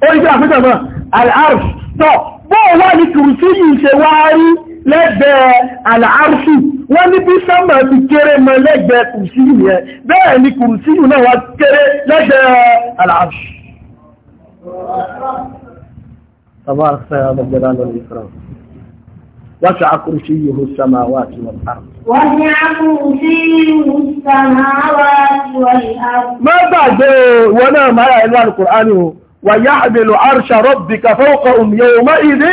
orí tí a fíjọ mọ́ al'arsh tọ́ bọ́ wà ní kùrùsí yìí ṣe wá rí lẹ́gbẹ̀ẹ́ al'arsh wọ́n ní bí sánmà ti kéré mọ́ lẹ́gbẹ̀ẹ́ kùrùsí yìí yẹn bẹ́ẹ̀ ni kùrùsí yìí náà wá kéré lẹ́gbẹ̀ẹ́ al'arsh تبارك يا رب الجلال والإكرام وسع كرسيه السماوات والأرض وسع كرسيه السماوات má gbàgbé wọn náà mara ẹ̀lú alùkùránì o wà yá àbèlò arṣà rọ́bì kàfẹ́ọ̀kọ̀ òmìnira má ìdí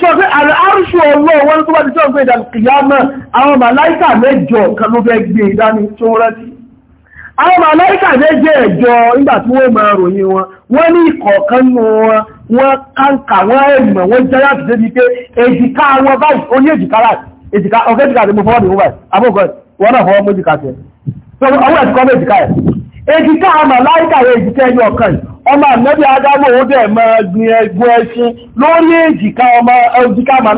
ṣọ́fẹ́ àrẹ́ṣù ọlọ́ wọn tó bá ti jọ́gbé ìdàkìyàmọ́ àwọn màláìkà mẹ́jọ kan ló fẹ́ gbé ìdání e tó wọ́n máa wọ́n ẹ̀mọ̀ wọ́n jẹ́yà ti débi pé èjìká báyìí láti mo wọ́n báyìí náà ọwọ́ ẹ̀sùn kọ́mẹ̀jì káyẹ̀ èjìká àmà láìka èjìká ẹni ọ̀kan ọmọ àmẹ́bí adámò ó dẹ̀ mọ́ gbin ẹgbẹ́ ẹṣin lórí èjìká ọmọ èjìká àmà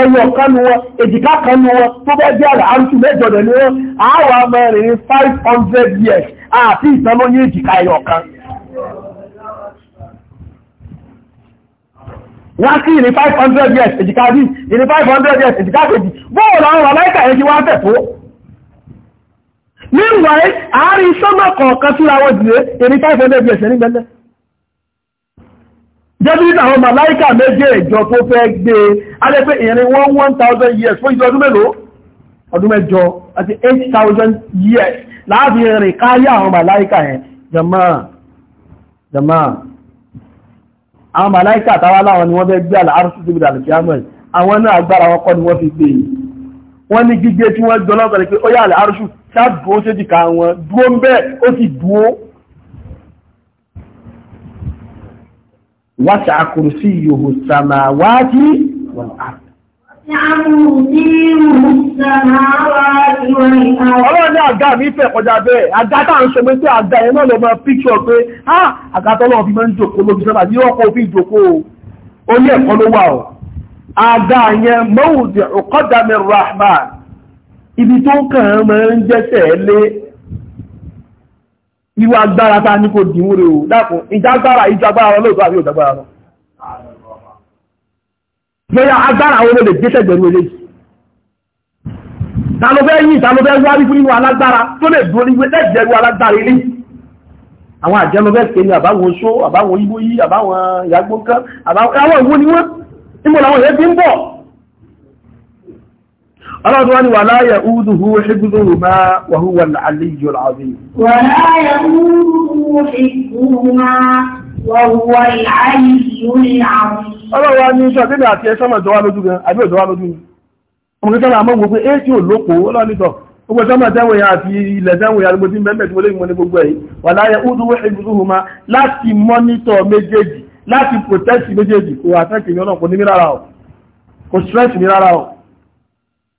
ẹni ọ̀kan nu wọn èjìká kan nu wọn tó bẹ́ jẹ́ àrà àrùtù mẹ́jọ dẹ̀ ni wọn àwọn ọmọ rìn five hundred years àti ìtàn lórí èjìká ẹni ọ̀kan. wọ́n sí ìrìn five hundred years èjìká bí five hundred years èjìká kejì àwọn meanwhile àárín sọ́mọ̀ kọ̀ọ̀kan síra wọn jìlẹ̀ èmi five hundred years ní gbẹ́lẹ́ jẹ́bírí àwọn màláìkà méje ìjọ tó fẹ́ gbé alẹ́ pé ìrìn wọ́n one thousand years fún ìjọ ọdún mélòó ọdún mẹ́jọ àti eight thousand years láàfin rìn káyé àwọn màláìkà yẹn jama jama àwọn màláìkà tàwa láwọn ni wọ́n fẹ́ gbé àlàárùsù síbi àlùkíyàmọ̀ àwọn náà agbára wọn kọ́ ni wọ́n fi gbé wọ́n ní gígé tí wọ́n jọ lọ́sọ̀rọ̀ pé ó yà àlàárùsù ṣáàdúró ṣéjìká wọn dúró ń bẹ́ẹ̀ ó sì dúró wáṣà kùrùsí yòhò sàmàwájí wọn àti Ọlọ́run ní àga mi fẹ́ kọjá bẹ́ẹ̀, àga tá ń ṣe mé tí àga ẹ̀ náà lọ mọ́ píkṣọ̀ pé, "Ha, àgátọ́lọ́ fi mọ́ ń jòkó lóbi sọ́nà ní ọkọ̀ fi jòkó o, ó ibi tó kàn án mọ́ ń jẹ́sẹ̀ lé ìwà agbára ta ní kò dìmú rẹ̀ o dákùn ìjágbára ìjọ agbára wọn lóòtọ́ àbí òjágbára wọn lóyá agbára wọn lè jẹ́sẹ̀ gbẹ̀rú eré ta ló fẹ́ yí ta ló fẹ́ wárí fún ìwà alágbára tó lè dúró ní gbẹ́gbẹ̀rú alágbára ilé àwọn àjẹ́ ló fẹ́ kéde àbáwọn oṣó àbáwọn ibo yí àbáwọn ìyàgbó kan àbáwọn ìwọ ni wọ́n ọlọ́dún wọn ni wà láyẹ̀ údùhú ṣígbùrù máa wàhúwà àlejò àbí. wà láyẹ̀ údùhú ṣígbùrù máa wàhúwà àmọ́ gbogbo é tí ò lóko ọlọ́nìtọ̀ gbogbo sọ́mọ̀ tẹ́wọ̀n yà àti ilẹ̀ tẹ́wọ̀n yà gbogbo tí mẹ́mẹ́ tí mo lè mọ́ ní gbogbo ẹ̀ wà láyẹ̀ údùhú ṣígbùrù láti mọ́nítọ̀ méjèèjì láti protect méjèèjì kò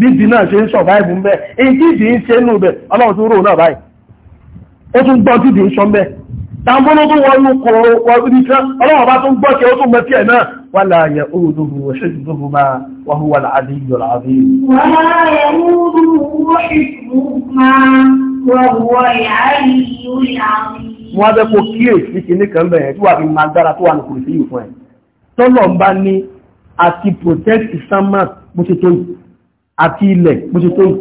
bíbí náà ṣe ń sọ̀fáìbù ń bẹ́ èyí tí ìdí ń ṣe nù bẹ̀ ọlọ́run tó rò náà báyìí ó tún gbọ́ tí ìdí ń sọ bẹ́ tàbọ́nà tó wọ́n ní kọ̀ọ̀rọ̀ ọlọ́run bá tún gbọ́ kí ó tún mọ́ tí ẹ̀ náà wà láàyẹ̀ òòdòdó ṣèjìdógó máa wà hùwà láàdé ìyọ̀lá àbí wà láàyẹ̀ òòdòdó ṣèjìdógó máa wà hùwà láàdé ìyọ̀lá àbí wọ́n bẹ́ kó kíyèsí kìíní kan bẹ̀rẹ̀ tí wà fi máa dára tó wà ní kùrìsí yìí fún ẹ̀ tọ́lọ̀ ń bá ní àti protect islamat bó àti ilẹ̀ bó ṣe tó yìí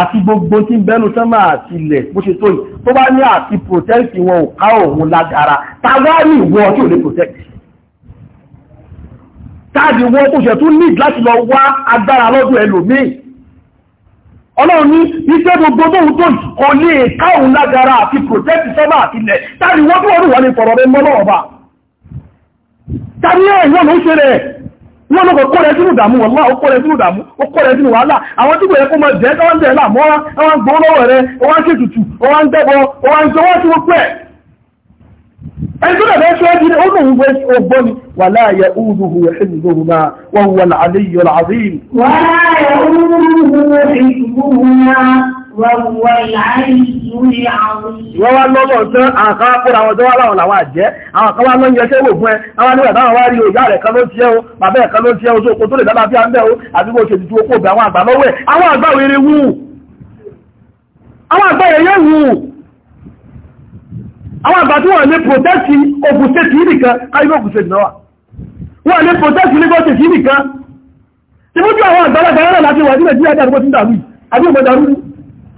àti gbogbo tí ń bẹ́nu sánmà àti ilẹ̀ bó ṣe tó yìí tó bá ní àti protect wọn ò ká òun lágara tàwárí ìwọ tí ò lè protect táàdì wọn kò ṣẹ̀ tún need láti lọ wá agbára lọ́dún ẹlòmíì ọlọ́run ní iṣẹ́ gbogbo wọ́n lọ́kọ̀ kó rẹ sínú ìdààmú wọ́n láà ó kó rẹ sínú ìdààmú ó kó rẹ sínú wàhálà àwọn tí kò yẹ kó mọ jẹ́ káwọn jẹ́ là mọ́ra wọn gbọ́ lọ́wọ́ rẹ ṣe tutù tí wọ́n pẹ́ ó lóun ni wà Wọ́n wá lọ́mọ̀ tán àkán fúnra wọn tó wá láwọn làwọn àjẹ́, àwọn kan wá lọ yẹ ṣé wò ẹ, àwọn nígbà táwọn wá rí ìyá rẹ̀ kan ló ti ẹ́ o, bàbá ẹ̀ kan ló ti ẹ́ o, tó kò tó lè dábàá bí a ń bẹ́ o, àbí mo ṣe tuntun okó òbí àwọn àgbà lọ́wọ́ ẹ̀, àwọn àgbà wèrè wù.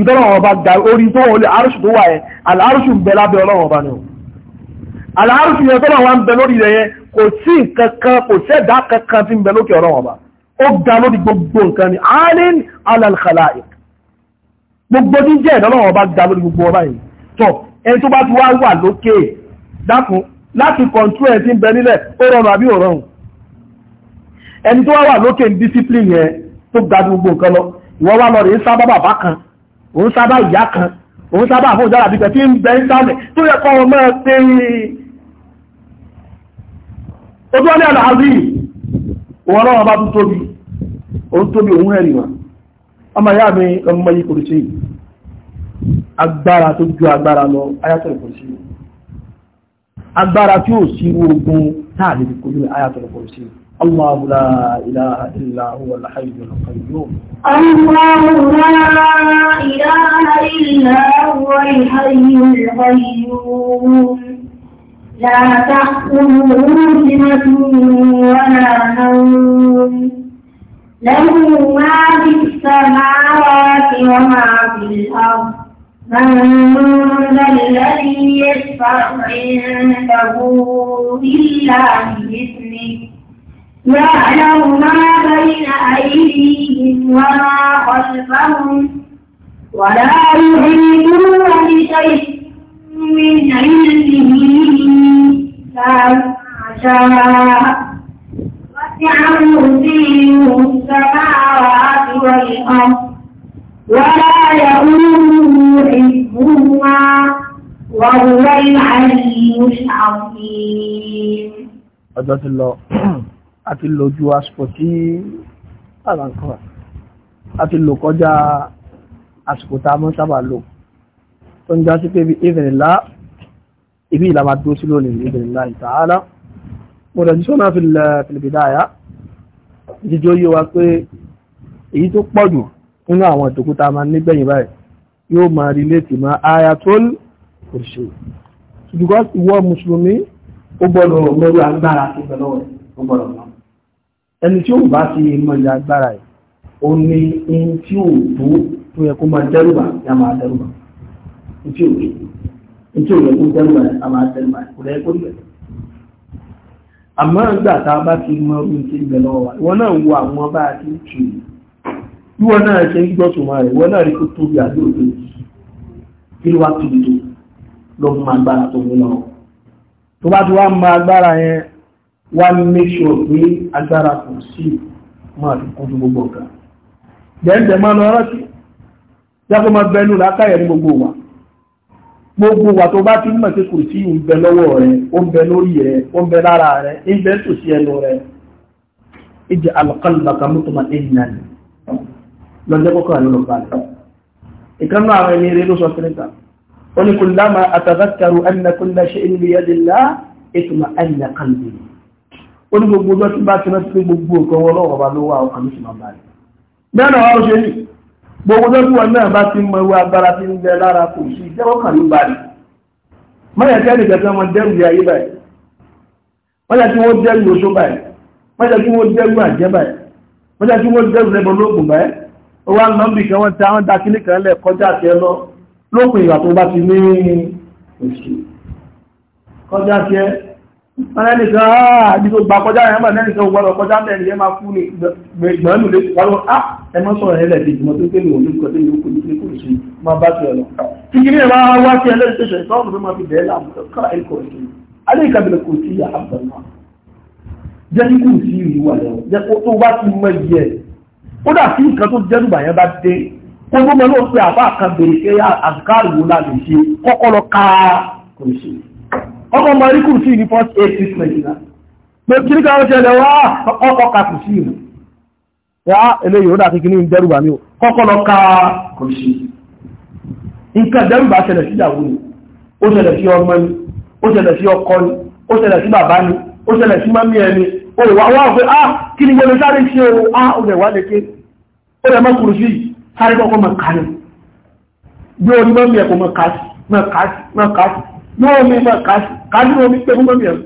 ìtọ́lọ́wọ́ ọba ga orí tó wọlé arúṣù tó wà ẹ́ aláàrúṣù ń bẹ lábẹ́ ọlọ́wọ́ ọba ni ó aláàrúṣù yẹn tọ́lọ́wọ́ ń bẹ lórí rẹ̀ yẹn kò sí kankan kò sẹ́dá kankan tí ń bẹ lókè ọlọ́wọ́ ọba ó ga lórí gbogbo nǹkan ni alin alalkhalaiq gbogbo ní jẹ́ ìdọ́lọ́wọ́ ọba ga lórí gbogbo ọba yìí tọ́ ẹni tó bá ti wá wà lókè dákun láti kọ̀ntú ẹ̀ tí ń bẹ nílẹ̀ ó rọrùn àbí ò rọrùn ẹni tó wá wà lókè ní discipline yẹn tó ga gbogbo nǹkan lọ ìwọ wá lọ rèé sábà bàbá kan òun sábà ìyá kan òun sábà fún ìjára bíkẹ̀ tí ń bẹ tó yẹ kọ́ ọmọ pé ojú ọlẹ́ ọ̀nà àrí tóbi òun tóbi òun ẹ̀rì wọn ọmọ ìyá mi ọmọ yìí kòrò sí agbára tó ju agbára lọ الله لا إله إلا هو الحي القيوم الله لا إله إلا هو الحي القيوم لا تأخذه سنة ولا نوم له ما في السماوات وما في الأرض من ذا الذي يشفع عنده إلا بإذنه يعلم ما بين أيديهم وما خلفهم ولا يحيطون بشيء من علمه إلا ما شاء وسع كرسيه السماوات والأرض ولا يؤوده حفظهما وهو العلي العظيم. الله àti lò ju àsìkò tí àlàǹkọ́ra àti lò kọjá àsìkò tá a mọ́ sábà lò tó ń já sí pé bí ìbìnrinlá ibi ìlàmà tó sí lónìí ìbìnrinlá ta'ala mo rẹ̀ sọ́nà fìlìbìdáyà jíjó yíò wa pé èyí tó pọ̀ jù nínú àwọn a máa nígbẹ̀yìn báyìí yóò máa rí létí máa ayatul kursi ṣùgbọ́n ìwọ mùsùlùmí ó gbọ́dọ̀ lórí ó gbọ́dọ̀ lọ ẹni tí ó bá sí ìmọ̀ ìyá agbára ẹ̀ ó ní in tí ó tó tó yẹ kó máa dẹ́rùbà ní a máa dẹ́rùbà in tí ó tó in tí ó yẹ kó dẹ́rùbà ní a máa dẹ́rùbà kò lẹ́ kó bẹ̀rẹ̀. àmọ́ ìgbà tá a bá ti mọ ohun tí ń bẹ lọ́wọ́ wa ìwọ náà wo àwọn bá a ti ìwọ náà ṣe ń gbọ́ tòun rẹ̀ ìwọ náà rí kó tóbi àbí òdo kí ló wá tóbi tó lọ́ mọ agbára tó ń lọ tó bá ti wá mọ agbára yẹn wá ní make sure pé agbára kò sí máa fi kún fún gbogbo nǹkan jẹ́ǹtẹ̀ máa lọ rántí jákó máa bẹnu látàyẹ̀ ní gbogbo wa gbogbo wa tó bá ti mọ̀ sí kò sí ń bẹ lọ́wọ́ rẹ ó ń bẹ lórí rẹ ó ń bẹ lára rẹ ń bẹ tò sí ẹnu rẹ ìdí alùpàlùpàkà mú tó máa ń nà lọ́jọ́ kọ́kọ́ rẹ lọ bá rẹ ìkànnì àwọn ẹni rẹ ló sọ kíríkà ó ní kullama atadhakkaru anna kulla shay'in biyadillah itma'anna qalbi ó ní gbogbo ọjọ́ tí bá ti rántí pé gbogbo nǹkan wọn lọ́wọ́ ọba ló wà ọkàn ní ṣùgbọ́n báyìí bẹ́ẹ̀ náà wọ́n ṣe ní gbogbo ọjọ́ tí wọn náà bá ti mọ ewu agbára tí ń bẹ lára kò sí ìjẹ́wọ́ kàn ló báyìí mọ́yà tí ẹnì kẹta wọn dẹ́rù ayé báyìí mọ́yà tí wọ́n dẹ́rù oṣó báyìí mọ́yà tí wọ́n dẹ́rù àjẹ́ báyìí mọ́yà tí wọ́n dẹ́rù lẹ́bọ̀ wọ́n lẹ́nìkan ah, àbí tó gbà kọjá rẹ̀ lẹ́nìkan ògbọ́dọ̀ kọjá mẹ́rin yẹn máa fún ah, ní ìgbẹ̀rún lè wọ́n á ẹmọ́ sọ̀rọ̀ ẹ̀lẹ́ ti jùmọ̀ tó kéèrè òní kọjá ní òkú ní kò sí máa bá ti ọ̀nà kíkiri ẹ̀ máa wá sí ẹlẹ́rìí tẹ̀sẹ̀ ìtọ́nù tó máa fi bẹ̀ẹ́ láàmú kọ́ra ẹ̀kọ́ sí alẹ́ ìkàbílẹ̀ kò sí yà àbẹ̀mọ́ jẹ́ kí kò sí ìwà lẹ́wọ̀ jẹ́ kó tó bá ti mọ iye ó dà sí nǹkan tó jẹ́ nùbà yẹn bá dé kó tó mọ lóòpẹ́ àbá kan bèrè pé àzùkárì wo la lè ṣe kọ́kọ́ lọ ká kò sí ọkọ̀ mọ̀ríkù sí ní first aid treatment náà pé kí ní ká ó ṣẹlẹ̀ wá ọkọ̀ kàkù sí ìlú ya eléyìí ó dàti kìíní dẹ́rùbà ní kọ́kọ́ lọ ká kò sí nǹkan dẹ́rùbà ṣẹlẹ̀ sí ìyàwó ni ó ṣẹlẹ̀ sí ọmọ ni ó ṣẹlẹ̀ sí ọkọ ni ó ṣẹlẹ̀ sí bàbá ni ó ṣẹlẹ̀ sí mọ́mí ẹni ó wà wá pé ah kí ni yẹnu sáré ṣe o ah ó rẹ̀ wá léke ó rẹ̀ mọ́kùrù sí sáré kọ́kọ́ mọ̀ ká ní bí orí mọ́mí ẹ̀kọ́ mọ̀ ká sí mọ̀ ká náà ní ma kájú omi pé fún mọ́mí ẹ̀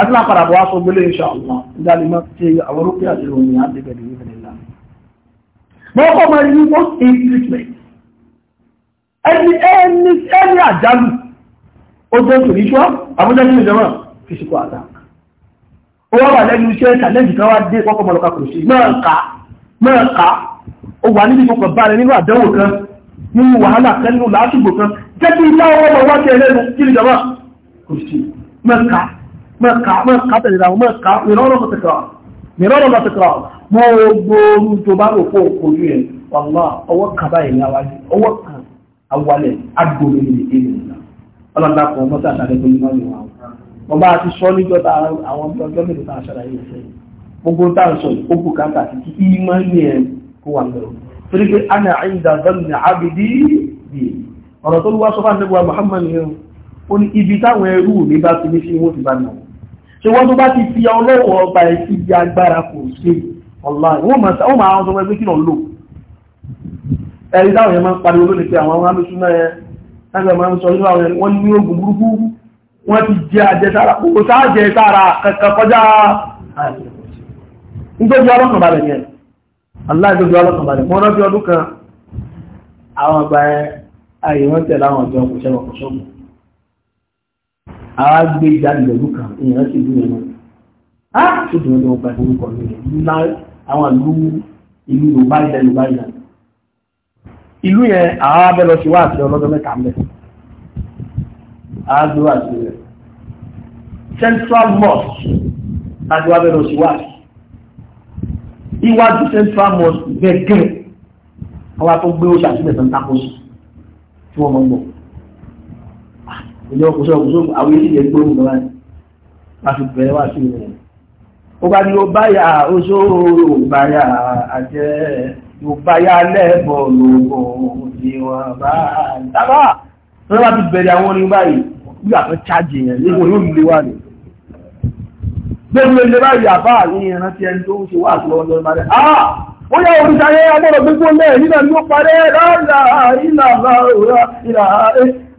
àti lápàdà bọ́ aṣọ gbélé insha Allah ìdáni má ti àwọn orúkẹ́ àti ìròyìn àdébẹ̀ ní ìbẹ̀rẹ̀ ìlà mọ́ kọ́ máa ní wọ́n ṣe treatment ẹni ẹni ẹni àjálù ó jẹ́ spiritual àbújá ní ìjọba physical attack ó wá wà lẹ́nu iṣẹ́ challenge kan wá dé kọ́kọ́ mọ́lọ́ka kò sí máa ka máa ka ó wà níbi kọ́kọ́ bá nínú àdánwò kan nínú wàhálà kan nínú làásùgbò kan jẹ́ kí ìjá ọwọ́ ọmọ wá tẹ̀lé ẹnu kí ìjọba kò sí mẹ́ka mẹ́ka mẹ́ka tẹ̀lé ra mẹ́ka mìíràn ọmọ tẹ̀kọ̀rọ̀ mìíràn ọmọ tẹ̀kọ̀rọ̀ mọ́ ogbóoru tó bá rò fún òkòjú yẹn wàlá ọwọ́ kan báyìí ní awájú ọwọ́ kan awalẹ̀ agbóni ní èdè nìyà ọlọ́dà kan ọmọ tí a sáré pé nínú ìwà wọn bá a ti sọ níjọ́ àwọn ọjọ́ mélòó tá yìí sẹ́yìn gbogbo tá sọ yìí ó àti ìmọ̀ ní ẹ̀ kó wà lọ́wọ́ torí pé ana àyíǹda zọ́ọ̀nù àbídí bíi ọ̀rọ̀ tó wá sọ́fà nígbà Muhammad yẹn ó ní ibi táwọn ẹrú mi bá ti ní sí wọ́n ti bá nà ṣe wọ́n tó bá ti fi ọlọ́wọ́ ọba ẹ̀ sí ibi agbára kò sí ọ̀la wọ́n máa sọ wọn pé kí lọ lò ẹ̀rí táwọn yẹn máa ń pariwo lónìí pé àwọn amúsúná ẹ̀ lágbà máa ń sọ inú àwọn wọ́n ní ogun burúkú wọ́n ti jẹ àjẹsára kò sáàjẹ sára kankan kọjá nítorí ọlọ́kàn balẹ̀ yẹn aláìsọ́jọ́ ọlọ́kàn balẹ̀ mọ́ ọdún kan àwọn ààyè wọ́n tẹ̀lé àwọn ọ̀dọ́ kò ṣẹ́wọ̀ kò ṣọ́bù àwa gbé ìjáde lẹ́nu kan èèyàn sì dùn ẹ̀mọ́ á tó dùn ẹ̀mọ́ pàdé orúkọ mi rẹ̀ ńlá àwọn ìlú ìlú yorùbá ilẹ̀ yorùbá ilẹ̀ ìlú yẹn àwa abẹ́ lọ sí wá àti ọlọ́dọ́ mẹ́ta mẹ́ àwa gbé wá àti rẹ̀ central mosque àti wá abẹ́ lọ sí wá iwájú central mosque gẹ́gẹ́ àwa tó gbé oṣù àti mẹ́ta ń takò sí tí wọ́n mọ̀ ń bọ̀. ìjọ kò sọ kò sọ àwọn ilé ìyẹn gbóhùn náà ni a fi bẹ̀rẹ̀ wá sí ìrìn. ó bá ní o báyà ó ṣòro ò báyà àjẹ́ ò báyà lẹ́bọ̀ lòbò ìwà bá dábà. wọ́n bá ti bẹ̀rẹ̀ àwọn orin báyìí bí àfẹ́ ní ìrántí ẹni tó ń ṣe wà ó yá oríṣàyẹ agbọ́dọ̀ gbogbo lẹ́ nínà ní ó parẹ́ láàrínà ìlà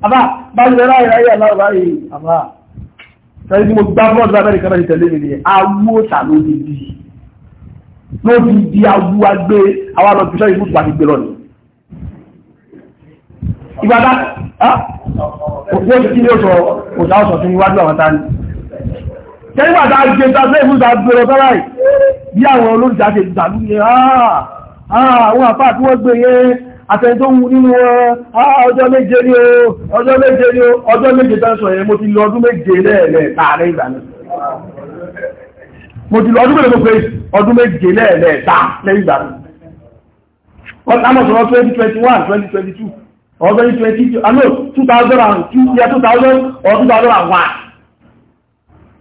àbá bájúlẹ̀ láàrínà ìlà àbá yìí àbá tẹ́lú tí mo gbá fún ọdún amẹ́ríkà náà tẹ̀lé mi nìyẹn awó tà ló ti di ló ti di awú agbé àwọn alọ́bìṣẹ́ ìlú tó gbé lọ ni ìgbàdá ah, ó ti kí ní ó sọ òṣà ọ̀sọ̀ tó níwájú àwọn tání tẹ́gbà tá a gbé ta sí ìfúnta gbèrò tọ́lá yìí bí àwọn olóòjà ṣe dàlú yẹn ah, ah, àwọn àfáà tí wọ́n gbé yẹn àtẹni tó wù nínú wọn ah, ọjọ́ méje ní o ọjọ́ méje ní o ọjọ́ méje tẹ́sọ̀ yẹn mo ti lọ ọdún méje lẹ́ẹ̀lẹ́ẹ̀ta rẹ̀ ìgbàlẹ̀ mo ti lọ ọdún méje pé ọdún méje lẹ́ẹ̀lẹ́ẹ̀ta lẹ́yìn ìgbàlẹ̀ ọ̀tàmọ̀sọ̀rọ̀ 2021 2022 or 2022 i know 2002 year 2000 or 2001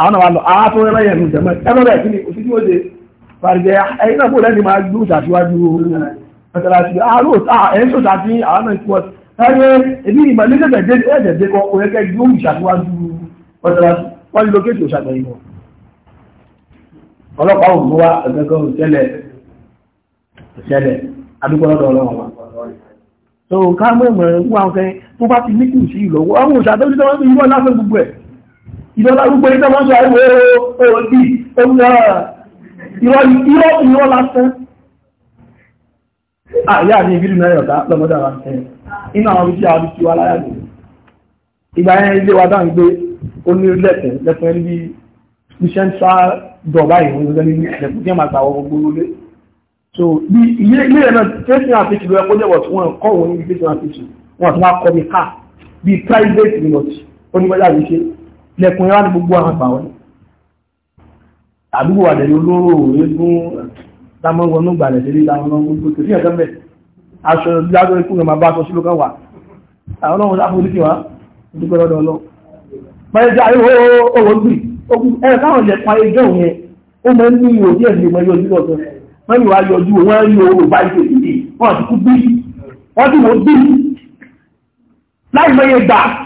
àwọn àwọn ah, àlọ́ àátọ́ ẹlẹ́yẹ̀ ní ìjẹ̀mọ́ ẹgbẹ́rẹ̀ kí ni òsìsí ó ṣe fàrìjẹ́ ah, ẹ̀yìn náà bó lẹ́ni máa gbó ṣàṣíwájú mọ́sálásí ẹ̀yìn tó ṣàṣí àwọn náà ti wọ́n ẹgbẹ́ ẹbí ìmọ̀ lẹ́sẹ̀dẹ̀ ẹ̀ẹ́dẹ̀dẹ̀ kọ òyẹ́kẹ́ gbó ṣàṣíwájú mọ́sálásí wọ́n ní lókè tó ṣàgbẹ̀yìn wọn ọlọ́pàá ò mú wa ẹ̀gbẹ́gbẹ́ òṣẹlẹ̀ òṣẹlẹ̀ adúgbọ́lọ́dọ̀ ọlọ́run wa so ká mọ̀ ẹ̀mọ̀ wọn kẹ́ tó bá ti ní kù sí ìlọ́wọ́ àwọn òṣàdọ́ ìdọ́lá gbogbo ní tọ́mọ́ sọ ìwé òòdì ìrọ̀ ìrọ̀ lásán àyà ní ìbílù mẹ́rin ọ̀tá lọ́mọdà wà ní iná àwọn oríṣi àwọn oríṣi wà láyà ní ìgbà yẹn ilé wa dáa ń gbé oní lẹ́tẹ̀ lẹ́tẹ̀ níbi iṣẹ́ ń sá dọ̀bá ìwọ̀n ní lẹ́ni lẹ́kùn tí máa tàwọn gbogbo lé so bí ilé ilé rẹ̀ náà tẹ́sí àti ìṣèlú ẹ̀kọ́ jẹ́wọ̀ tí wọ́n kọ́ wọn ní ibi tẹ́sí àti ìṣèlú wọn àti wọn kọ́ bí ká bí private minute onígbàjá àti ìṣèlú lẹ́kùn yára ní gbogbo àwọn àgbàwọ́ àdúgbò àdẹ̀rí olóró eégún dámọ́gbọnú gbàlẹ̀ lérí àwọn ọmọ gbogbo kìí ẹ̀kọ́ mẹ́ aṣọ ìdájọ́ ikú rẹ̀ máa bá aṣọ sílò kan wà àwọn ọmọ sáfò ní kíwá dúpẹ́ lọ́dọ̀ lọ sí ìmọ̀ yọjú lọ́tọ̀ wọ́n ti kú bí wọ́n ti gbà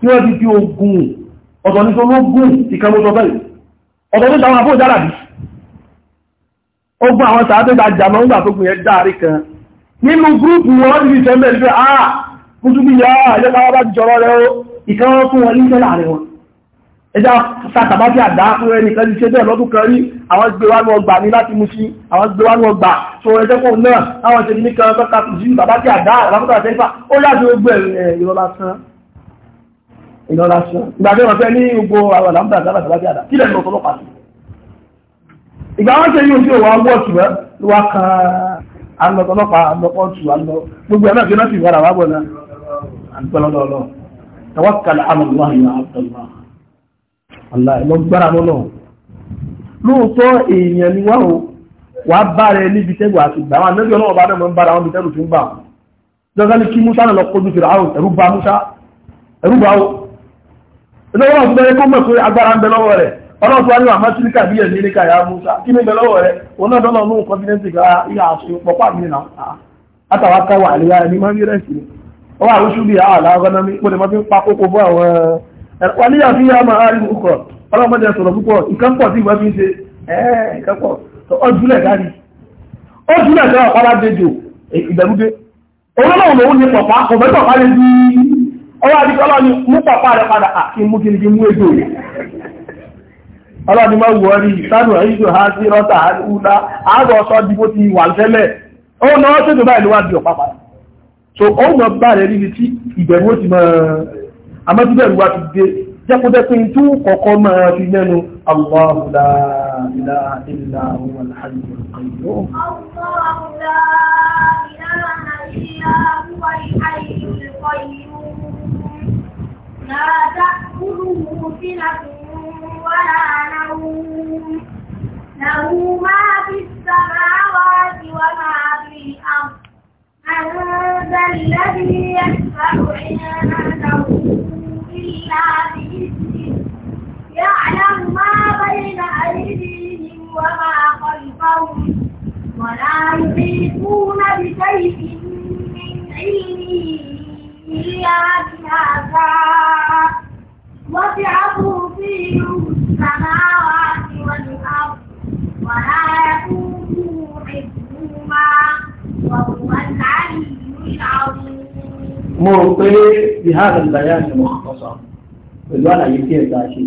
tí wọ́n ti fi ogun ọ̀tọ̀ ní ológun ìkẹmọ́sọ bẹ́ẹ̀ ọ̀tọ̀ ní àwọn àbójára bí ogun àwọn sàádọ́gbà jàmọ́ ńgbà tó gùn yẹ dáàrí kan nínú gúrùpù wọn ní ìṣẹ́ mẹ́rin pé àà kútùbí yà ẹjẹ́ káwọ́ bá jọrọ rẹ ó ìkẹwọ́ fún wọn níṣẹ́ láàrin wọn ẹjá sàtàbá sí àdá fún ẹni kan ṣe bẹ́ẹ̀ lọ́dún kan rí àwọn gbé wá ní ọgbà ní láti mú sí àwọn gbé wá ìlọ́ra sọ ìgbà tí wọ́n fẹ́ ní gbogbo àwọn àlàmúdà àti àlàkàlà àdá kí lẹ́nu ọ̀tọ̀ lọ́pàá sí ìgbà wọn ṣe yóò sí òwò agbó ọ̀tù rẹ ló wá kan alọ́tọ̀lọ́pàá alọ́pọ̀ ọ̀tù alọ́ gbogbo ẹ̀ náà fi náà sì wọ́n àwọn àgbọ̀nà àgbọ̀lọ́lọ́ tawakkal ala Allah ya Abdullah Allah lọ gbára lọ́lọ́ lóòótọ́ èèyàn ni wọ́n wàá bá rẹ níbi tẹ́gbà àti ìgbà wọn lọ kọjú fèrè lọ́wọ́ ọ̀gbẹ́ kó mọ̀ pé agbára ń bẹ lọ́wọ́ rẹ̀ ọlọ́tún wáyé àmọ́ ka ní ya musa kí ní bẹ lọ́wọ́ rẹ̀ òun náà dọ́nà ọlọ́run confidence gba ìyá àṣẹ pọ̀pọ̀ àmì nà àtàwà ká wà ẹni máa ń Ọ wà lóṣù bí àlà ọgọ́nà mi pa kókó àwọn wà máa rí ọlọ́mọdé sọ̀rọ̀ púpọ̀ ọwọ́ àti ọlọ́ ni mú pàpá rẹ̀ padà àti mú kí ní mú èdè rẹ̀ ọlọ́ni máa wọ́ rí ìsánù àìjò ha sí rọ́ta àrúdá àárọ̀ ọ̀sọ́ dìbò ti wà tẹ́lẹ̀ ó na ọ́ tẹ́jọ báyìí ló wá so ó mọ̀ bá rẹ̀ níbi tí ìbẹ̀rù ti mọ̀ àmọ́ tí bẹ̀rù wa ti dé jẹ́kúndẹ́ pé Allahu la ilaha illa huwa al لا تأكله سنة ولا نوم له ما في السماوات وما في الأرض من ذا الذي يشفع عنده إلا بإذنه يعلم ما بين أيديهم وما خلفهم ولا يحيطون بشيء من علمه فيها بهذا وسعته فيه السماوات والأرض ولا يكون حفظهما وهو العلي العظيم mo rò pé bihar ìbáyà ni mo kọ sọ pẹ̀lú àlàyé tí ẹ̀ka ṣe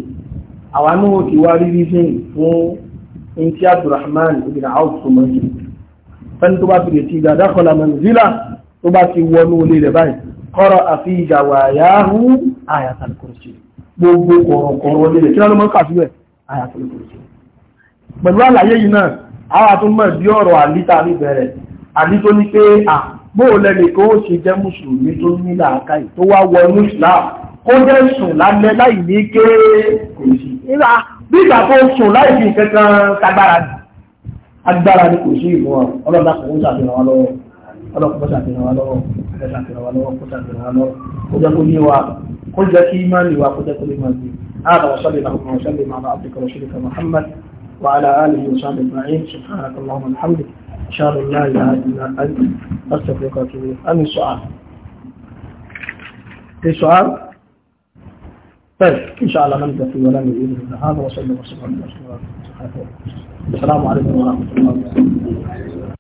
àwa náà ti wá rírí sí fún ntí abdulrahman ibn awf sọmọsí fẹ́ni tó bá fi lè ti dàdá kọlà mọ̀nzílà tó bá ti wọnú ilé rẹ̀ báyìí kọ́rọ̀ àfi ìjàwà yáhù ayatul kursi gbogbo kọ̀rọ̀kọ̀rọ̀ lè kí lọ́nà mọ́ kàfí ẹ̀ ayatul kursi pẹ̀lú àlàyé yìí náà àwọn tó mọ̀ bí ọ̀rọ̀ àlítà ní bẹ̀rẹ̀ àlí tó ní pé à bóò lẹ́nì kó ó ṣe jẹ́ mùsùlùmí tó ní làákàyè tó wá wọ inú islam kó jẹ́ sùn lálẹ́ láì ní kéré kò bí ìgbà tó sùn láì fi kankan kagbára ni agbára ni kò sí ìfún ọlọ́dà kò ń ṣàfihàn wa lọ́wọ́ ọlọ́kùnrin ṣàfihàn wa lọ́wọ́ fẹ́ ṣàfihàn lọ́wọ́ kó هذا وصلي اللهم وسلم على عبدك ورسولك محمد وعلى اله وصحبه اجمعين سبحانك اللهم وبحمدك اشهد ان لا اله الا انت استغفرك واتوب اليك امن سؤال في سؤال طيب ان شاء الله نبدا في ولا باذن الله هذا وصلى وسلم على رسول الله السلام عليكم ورحمه الله وبركاته